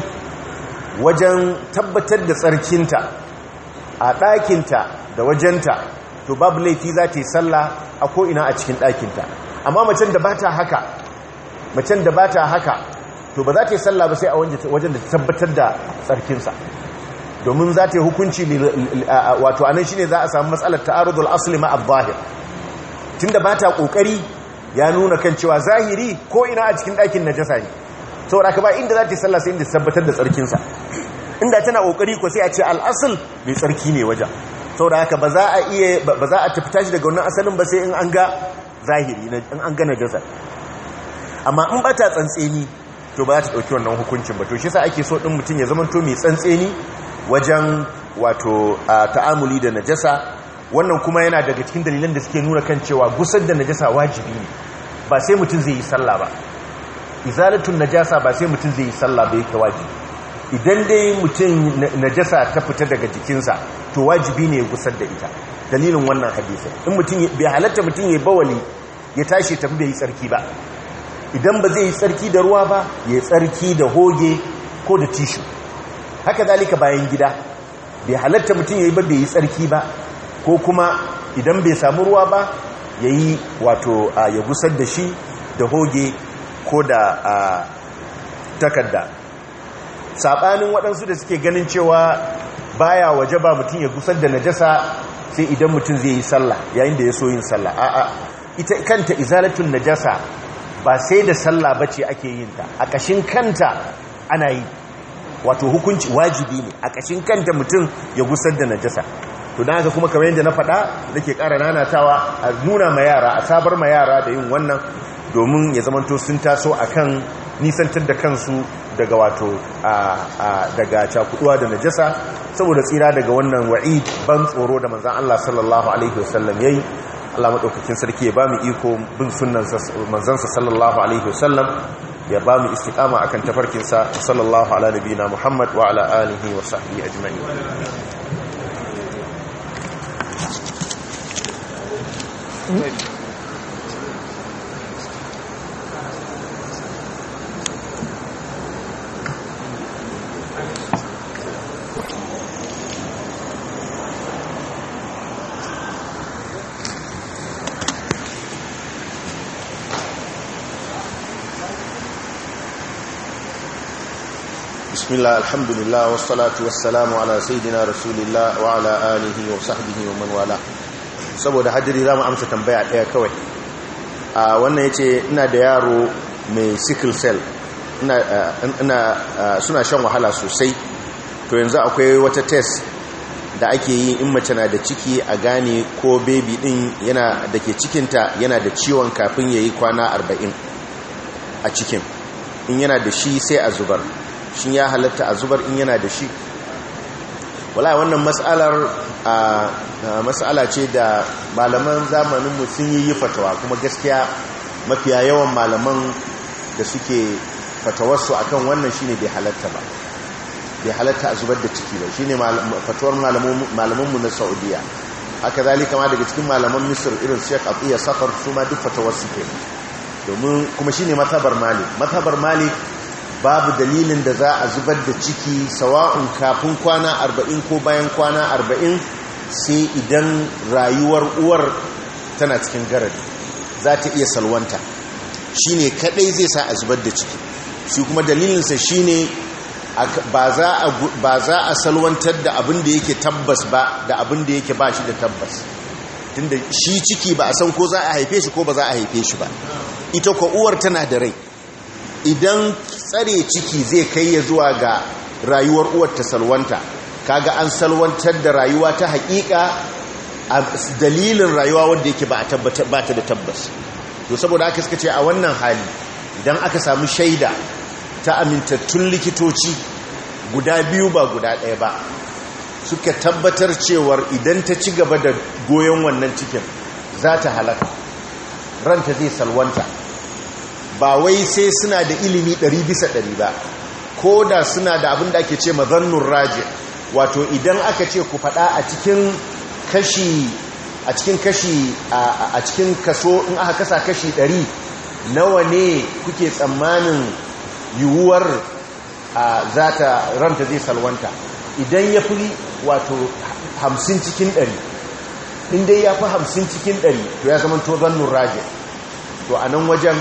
[SPEAKER 1] wajen tabbatar da tsarkinta a ɗakinta da wajenta to babu laifi za ta yi sallah a ko'ina a cikin ɗakinta amma macen da ba macen da ba ta haka to ba za ta yi sallah ba sai a wajen da tabbatar da tsarkinsa domin za ta yi hukunci wato anan ne za a samu matsalar ta'arudul asli ma adh tun da ba ta kokari ya nuna kan cewa zahiri ko ina a cikin ɗakin najasa ne saboda aka ba inda za ta yi sallah sai inda tabbatar da tsarkinsa inda tana kokari ko sai a ce al mai tsarki ne wajen saboda haka ba za a iya ba za a tafi tashi daga wannan asalin ba sai in an ga zahiri in an ga najasa amma in ba ta tsantseni to ba ta ɗauki wannan hukuncin ba to shi sa ake so ɗin mutum ya to mai tsantseni wajen wato ta'amuli da najasa wannan kuma yana daga cikin dalilan da suke nuna kan cewa gusar da najasa wajibi ne ba sai mutum zai yi sallah ba izalatun najasa ba sai mutum zai yi sallah ba yake wajibi idan dai mutum najasa ta fita daga jikinsa to wajibi ne ya gusar da ita dalilin wannan hadisi in mutum bai halatta mutum ya bawali ya tashi tafi bai yi tsarki ba idan ba zai yi tsarki da ruwa ba ya tsarki da hoge ko da tishu haka zalika bayan gida bai halatta mutum ya yi ba bai yi tsarki ba ko kuma idan bai samu ruwa ba ya yi wato ya gusar da shi da hoge ko da takarda saɓanin waɗansu da suke ganin cewa baya waje ba mutum ya gusar da najasa sai idan mutum zai yi sallah yayin da ya so yin sallah a'a ita kanta izalatun najasa ba sai da sallah bace ake yin ta a kashin kanta ana yi wato hukunci wajibi ne a kashin kanta mutum ya gusar da najasa to dan haka kuma kamar yadda na faɗa nake ƙara nanatawa a nuna ma yara a sabar ma yara da yin wannan domin ya zamanto sun taso akan nisantar da kansu daga wato daga cakuduwa da najasa saboda tsira daga wannan wa'id ban tsoro da manzon Allah sallallahu alaihi wasallam yayi Allah maɗaukakin sarki ya ba mu iko bin sunan manzansa sallallahu alaihi wasallam ya ba mu istiqama akan tafarkinsa sallallahu ala sallam Muhammad wa ala alihi wa sahbihi ajma'in بسم الله الحمد لله والصلاة والسلام saboda hadiri za mu amsa tambaya ɗaya kawai a wannan ya ce ina da yaro mai sickle cell suna shan wahala sosai to yanzu akwai wata test da ake yi in mace na da ciki a gane ko baby din yana da ke cikinta yana da ciwon kafin ya yi kwana 40 a cikin in yana da shi sai a zubar shi ya halatta a zubar in yana da shi wala wannan matsalar matsala ce da malaman zamaninmu sun yi yi fatawa kuma gaskiya mafiya yawan malaman da suke fatawarsu akan wannan shine bai halatta ba bai halatta a zubar da ciki ba shine fatawar malamanmu na saudiya haka zali ma daga cikin malaman misir irin sheik atiyya safar su ma duk fatawarsu ke domin kuma shine matabar malik matabar malik babu dalilin da za a zubar da ciki sawa'un kafin kwana arba'in ko bayan kwana arba'in sai idan rayuwar uwar tana cikin garadi za ta iya salwanta shi ne kaɗai zai sa a zubar da ciki shi kuma dalilinsa shi ne ba za a salwantar da abin da yake tabbas ba da abin da yake ba shi da tabbas tunda shi ciki ba a san ko za a haife shi ko ba za a haife shi ba ita kwa uwar tana da rai idan tsare ciki zai kai ya zuwa ga rayuwar uwar ta salwanta kaga an salwantar da rayuwa ta haƙiƙa a dalilin rayuwa wanda yake ba ta da tabbas to saboda aka suka ce a wannan hali idan aka samu shaida ta amintattun likitoci guda biyu ba guda ɗaya ba suka tabbatar cewar idan ta ci gaba da goyon wannan cikin za ta halaka ranta zai salwanta ba wai sai suna da ilimi 100 bisa ɗari ba ko da suna da abin da ake ce mazannun raji wato idan aka ce ku faɗa a cikin kashi a cikin kashi a cikin kaso in aka kasa kashi ɗari nawa ne kuke tsammanin yiwuwar za ta ranta zai salwanta idan ya fi wato hamsin cikin in inda ya fi hamsin cikin 100 to ya zama to zannun raji to a nan wajen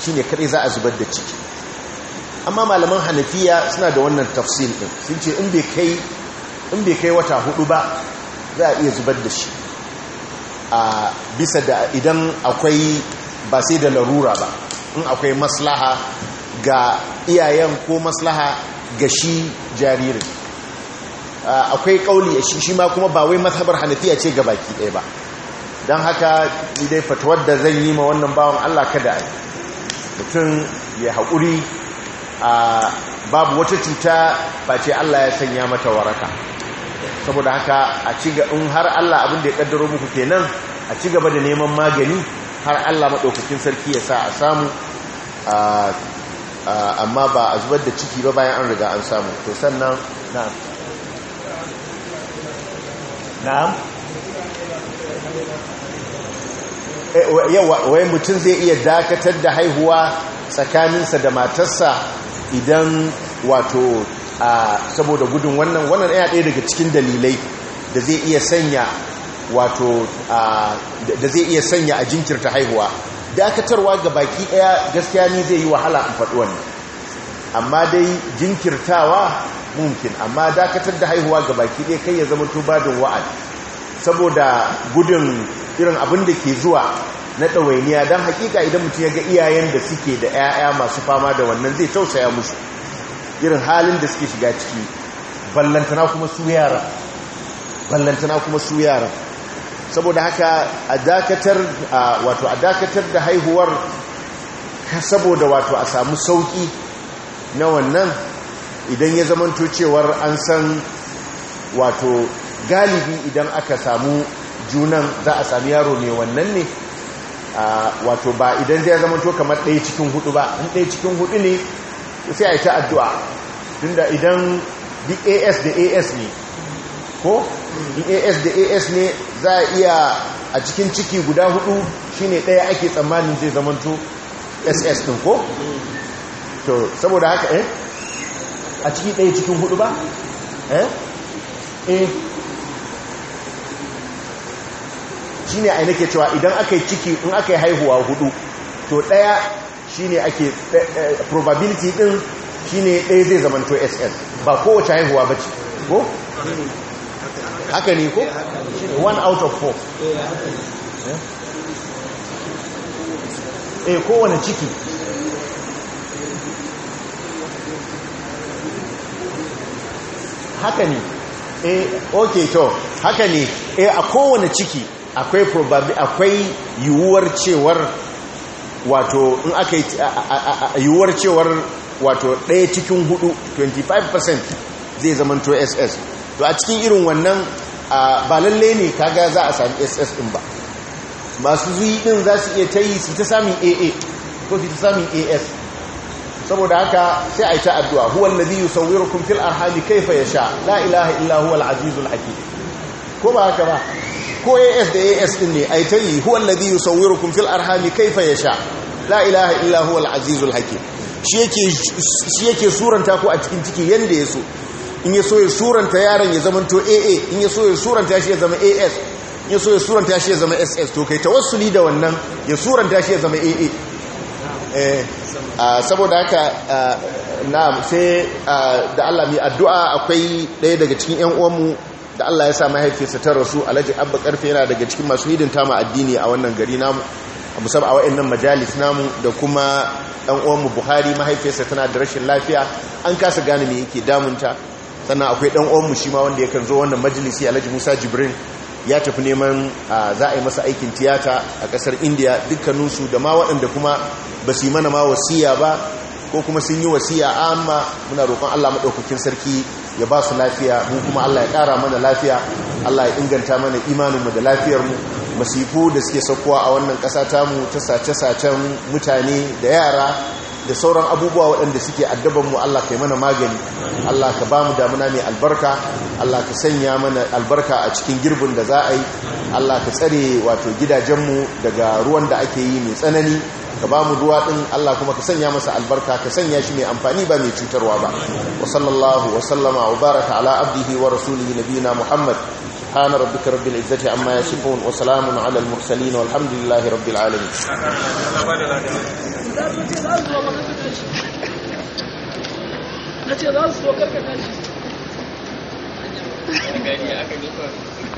[SPEAKER 1] Shi ne kaɗai za a zubar da ciki amma malaman hanafiya suna da wannan tafsil ɗin sun ce in bai kai wata hudu ba za a iya zubar da shi a bisa da idan akwai ba sai da larura ba in akwai maslaha ga iyayen ko maslaha ga shi jaririn akwai kauli a shi ma kuma ba wai mazhabar hanafiya ce ga baki ɗaya ba don haka idai fatuwar da zan yi ma wannan bawan allah kada a yi mutum ya haƙuri a babu wata cuta face Allah ya sanya mata waraka saboda haka a in har Allah abin da ya kaddaro muku kenan a ci gaba da neman magani har Allah maɗaukakin sarki ya sa a samu amma ba a zubar da ciki ba bayan an riga an samu to sannan na' na'am wai mutum zai iya dakatar da haihuwa tsakaninsa da matarsa idan wato saboda gudun wannan wannan ya ɗaya daga cikin dalilai da zai iya sanya wato da zai iya sanya a jinkirta haihuwa dakatarwa ga baki ɗaya gaskiya ni zai yi wahala in faɗi wannan amma dai jinkirtawa mumkin amma dakatar da haihuwa ga baki ɗaya kai ya zama tubadin wa'ad saboda gudun irin abin da ke zuwa na ɗawainiya don hakika idan mutum ya ga iyayen da suke da 'ya'ya masu fama da wannan zai tausaya musu irin halin da suke shiga ciki ballantana kuma su yara ballantana kuma su yara saboda haka a dakatar wato a dakatar da haihuwar saboda wato a samu sauki na wannan idan ya zamanto cewar an san wato galibi idan aka samu junan za a sami yaro mai wannan ne wato ba idan zai zama to kamar ɗaya cikin hudu ba in ɗaya cikin hudu ne sai a yi ta addu'a tunda idan as da as ne ko as da as ne za a iya a cikin ciki guda hudu shine ɗaya ake tsammanin zai zama to ss ɗin ko to saboda haka eh a ciki ɗaya cikin hudu ba eh eh shine a nake cewa idan aka yi ciki in aka yi haihuwa hudu to daya shine ake eh, eh, probability din shine daya zai to SL ba kowace haihuwa bace ko haka ne ko
[SPEAKER 2] one out of four
[SPEAKER 1] eh kowane ciki haka ne eh okay to haka ne eh a kowane ciki akwai akwai yiwuwar cewar wato in aka yi yiwuwar cewar wato ɗaya cikin hudu 25% zai zamanto ss to a cikin irin wannan ba lalle ne kaga za a sami ss din ba masu zuyi din za su iya tayi yi su ta sami aa ko su ta sami as saboda haka sai a yi ta addu'a huwan na biyu sauwirukun fil arhami kaifa ya sha la ilaha illa huwa al'azizul hakim ko ba haka ba ko as da as din ne ai tayi huwal ladhi yusawwirukum fil arhami kayfa yasha la ilaha illa huwal azizul hakim shi yake shi yake suranta ku a cikin ciki yanda ya so in ya so ya suranta yaron ya zama to aa in ya so ya suranta shi ya zama as in ya so ya suranta shi ya zama ss to kai tawassuli da wannan ya suranta shi ya zama aa eh, saboda haka na sai da Allah mai addu'a akwai ɗaya daga cikin ‘yan uwanmu da Allah ya sa mahaifiyarsa ta rasu alhaji abba karfe yana daga cikin masu hidinta ma addini a wannan gari namu a musamman a wa'annan majalis namu da kuma dan mu Buhari mahaifiyarsa tana da rashin lafiya an kasa gane me yake damunta sannan akwai dan mu shi ma wanda yakan zo wannan majalisi alhaji Musa Jibrin ya tafi neman za a yi masa aikin tiyata a kasar indiya dukkaninsu da ma waɗanda kuma ba su yi mana ma wasiya ba ko kuma sun yi wasiya amma muna roƙon Allah maɗaukakin sarki ya ba su lafiya mu kuma Allah ya ƙara mana lafiya Allah ya inganta mana imaninmu da lafiyarmu masifu da suke saukowa a wannan ƙasa tamu ta sace-sacen mutane da yara da sauran abubuwa waɗanda suke addabanmu Allah ka yi mana magani Allah ka ba mu damuna mai albarka Allah ka sanya mana albarka a cikin girbin da za a yi Allah ka tsare wato gidajenmu daga ruwan da ake yi mai tsanani ka ba mu duwa Allah kuma ka sanya masa albarka ka sanya shi mai amfani ba mai cutarwa ba wa sallallahu wa sallama wa baraka ala abdihi wa rasulihi nabiyina muhammad subhana rabbika rabbil izzati amma yasifun wa salamun ala al mursalin walhamdulillahi rabbil alamin
[SPEAKER 3] na za su so karkata shi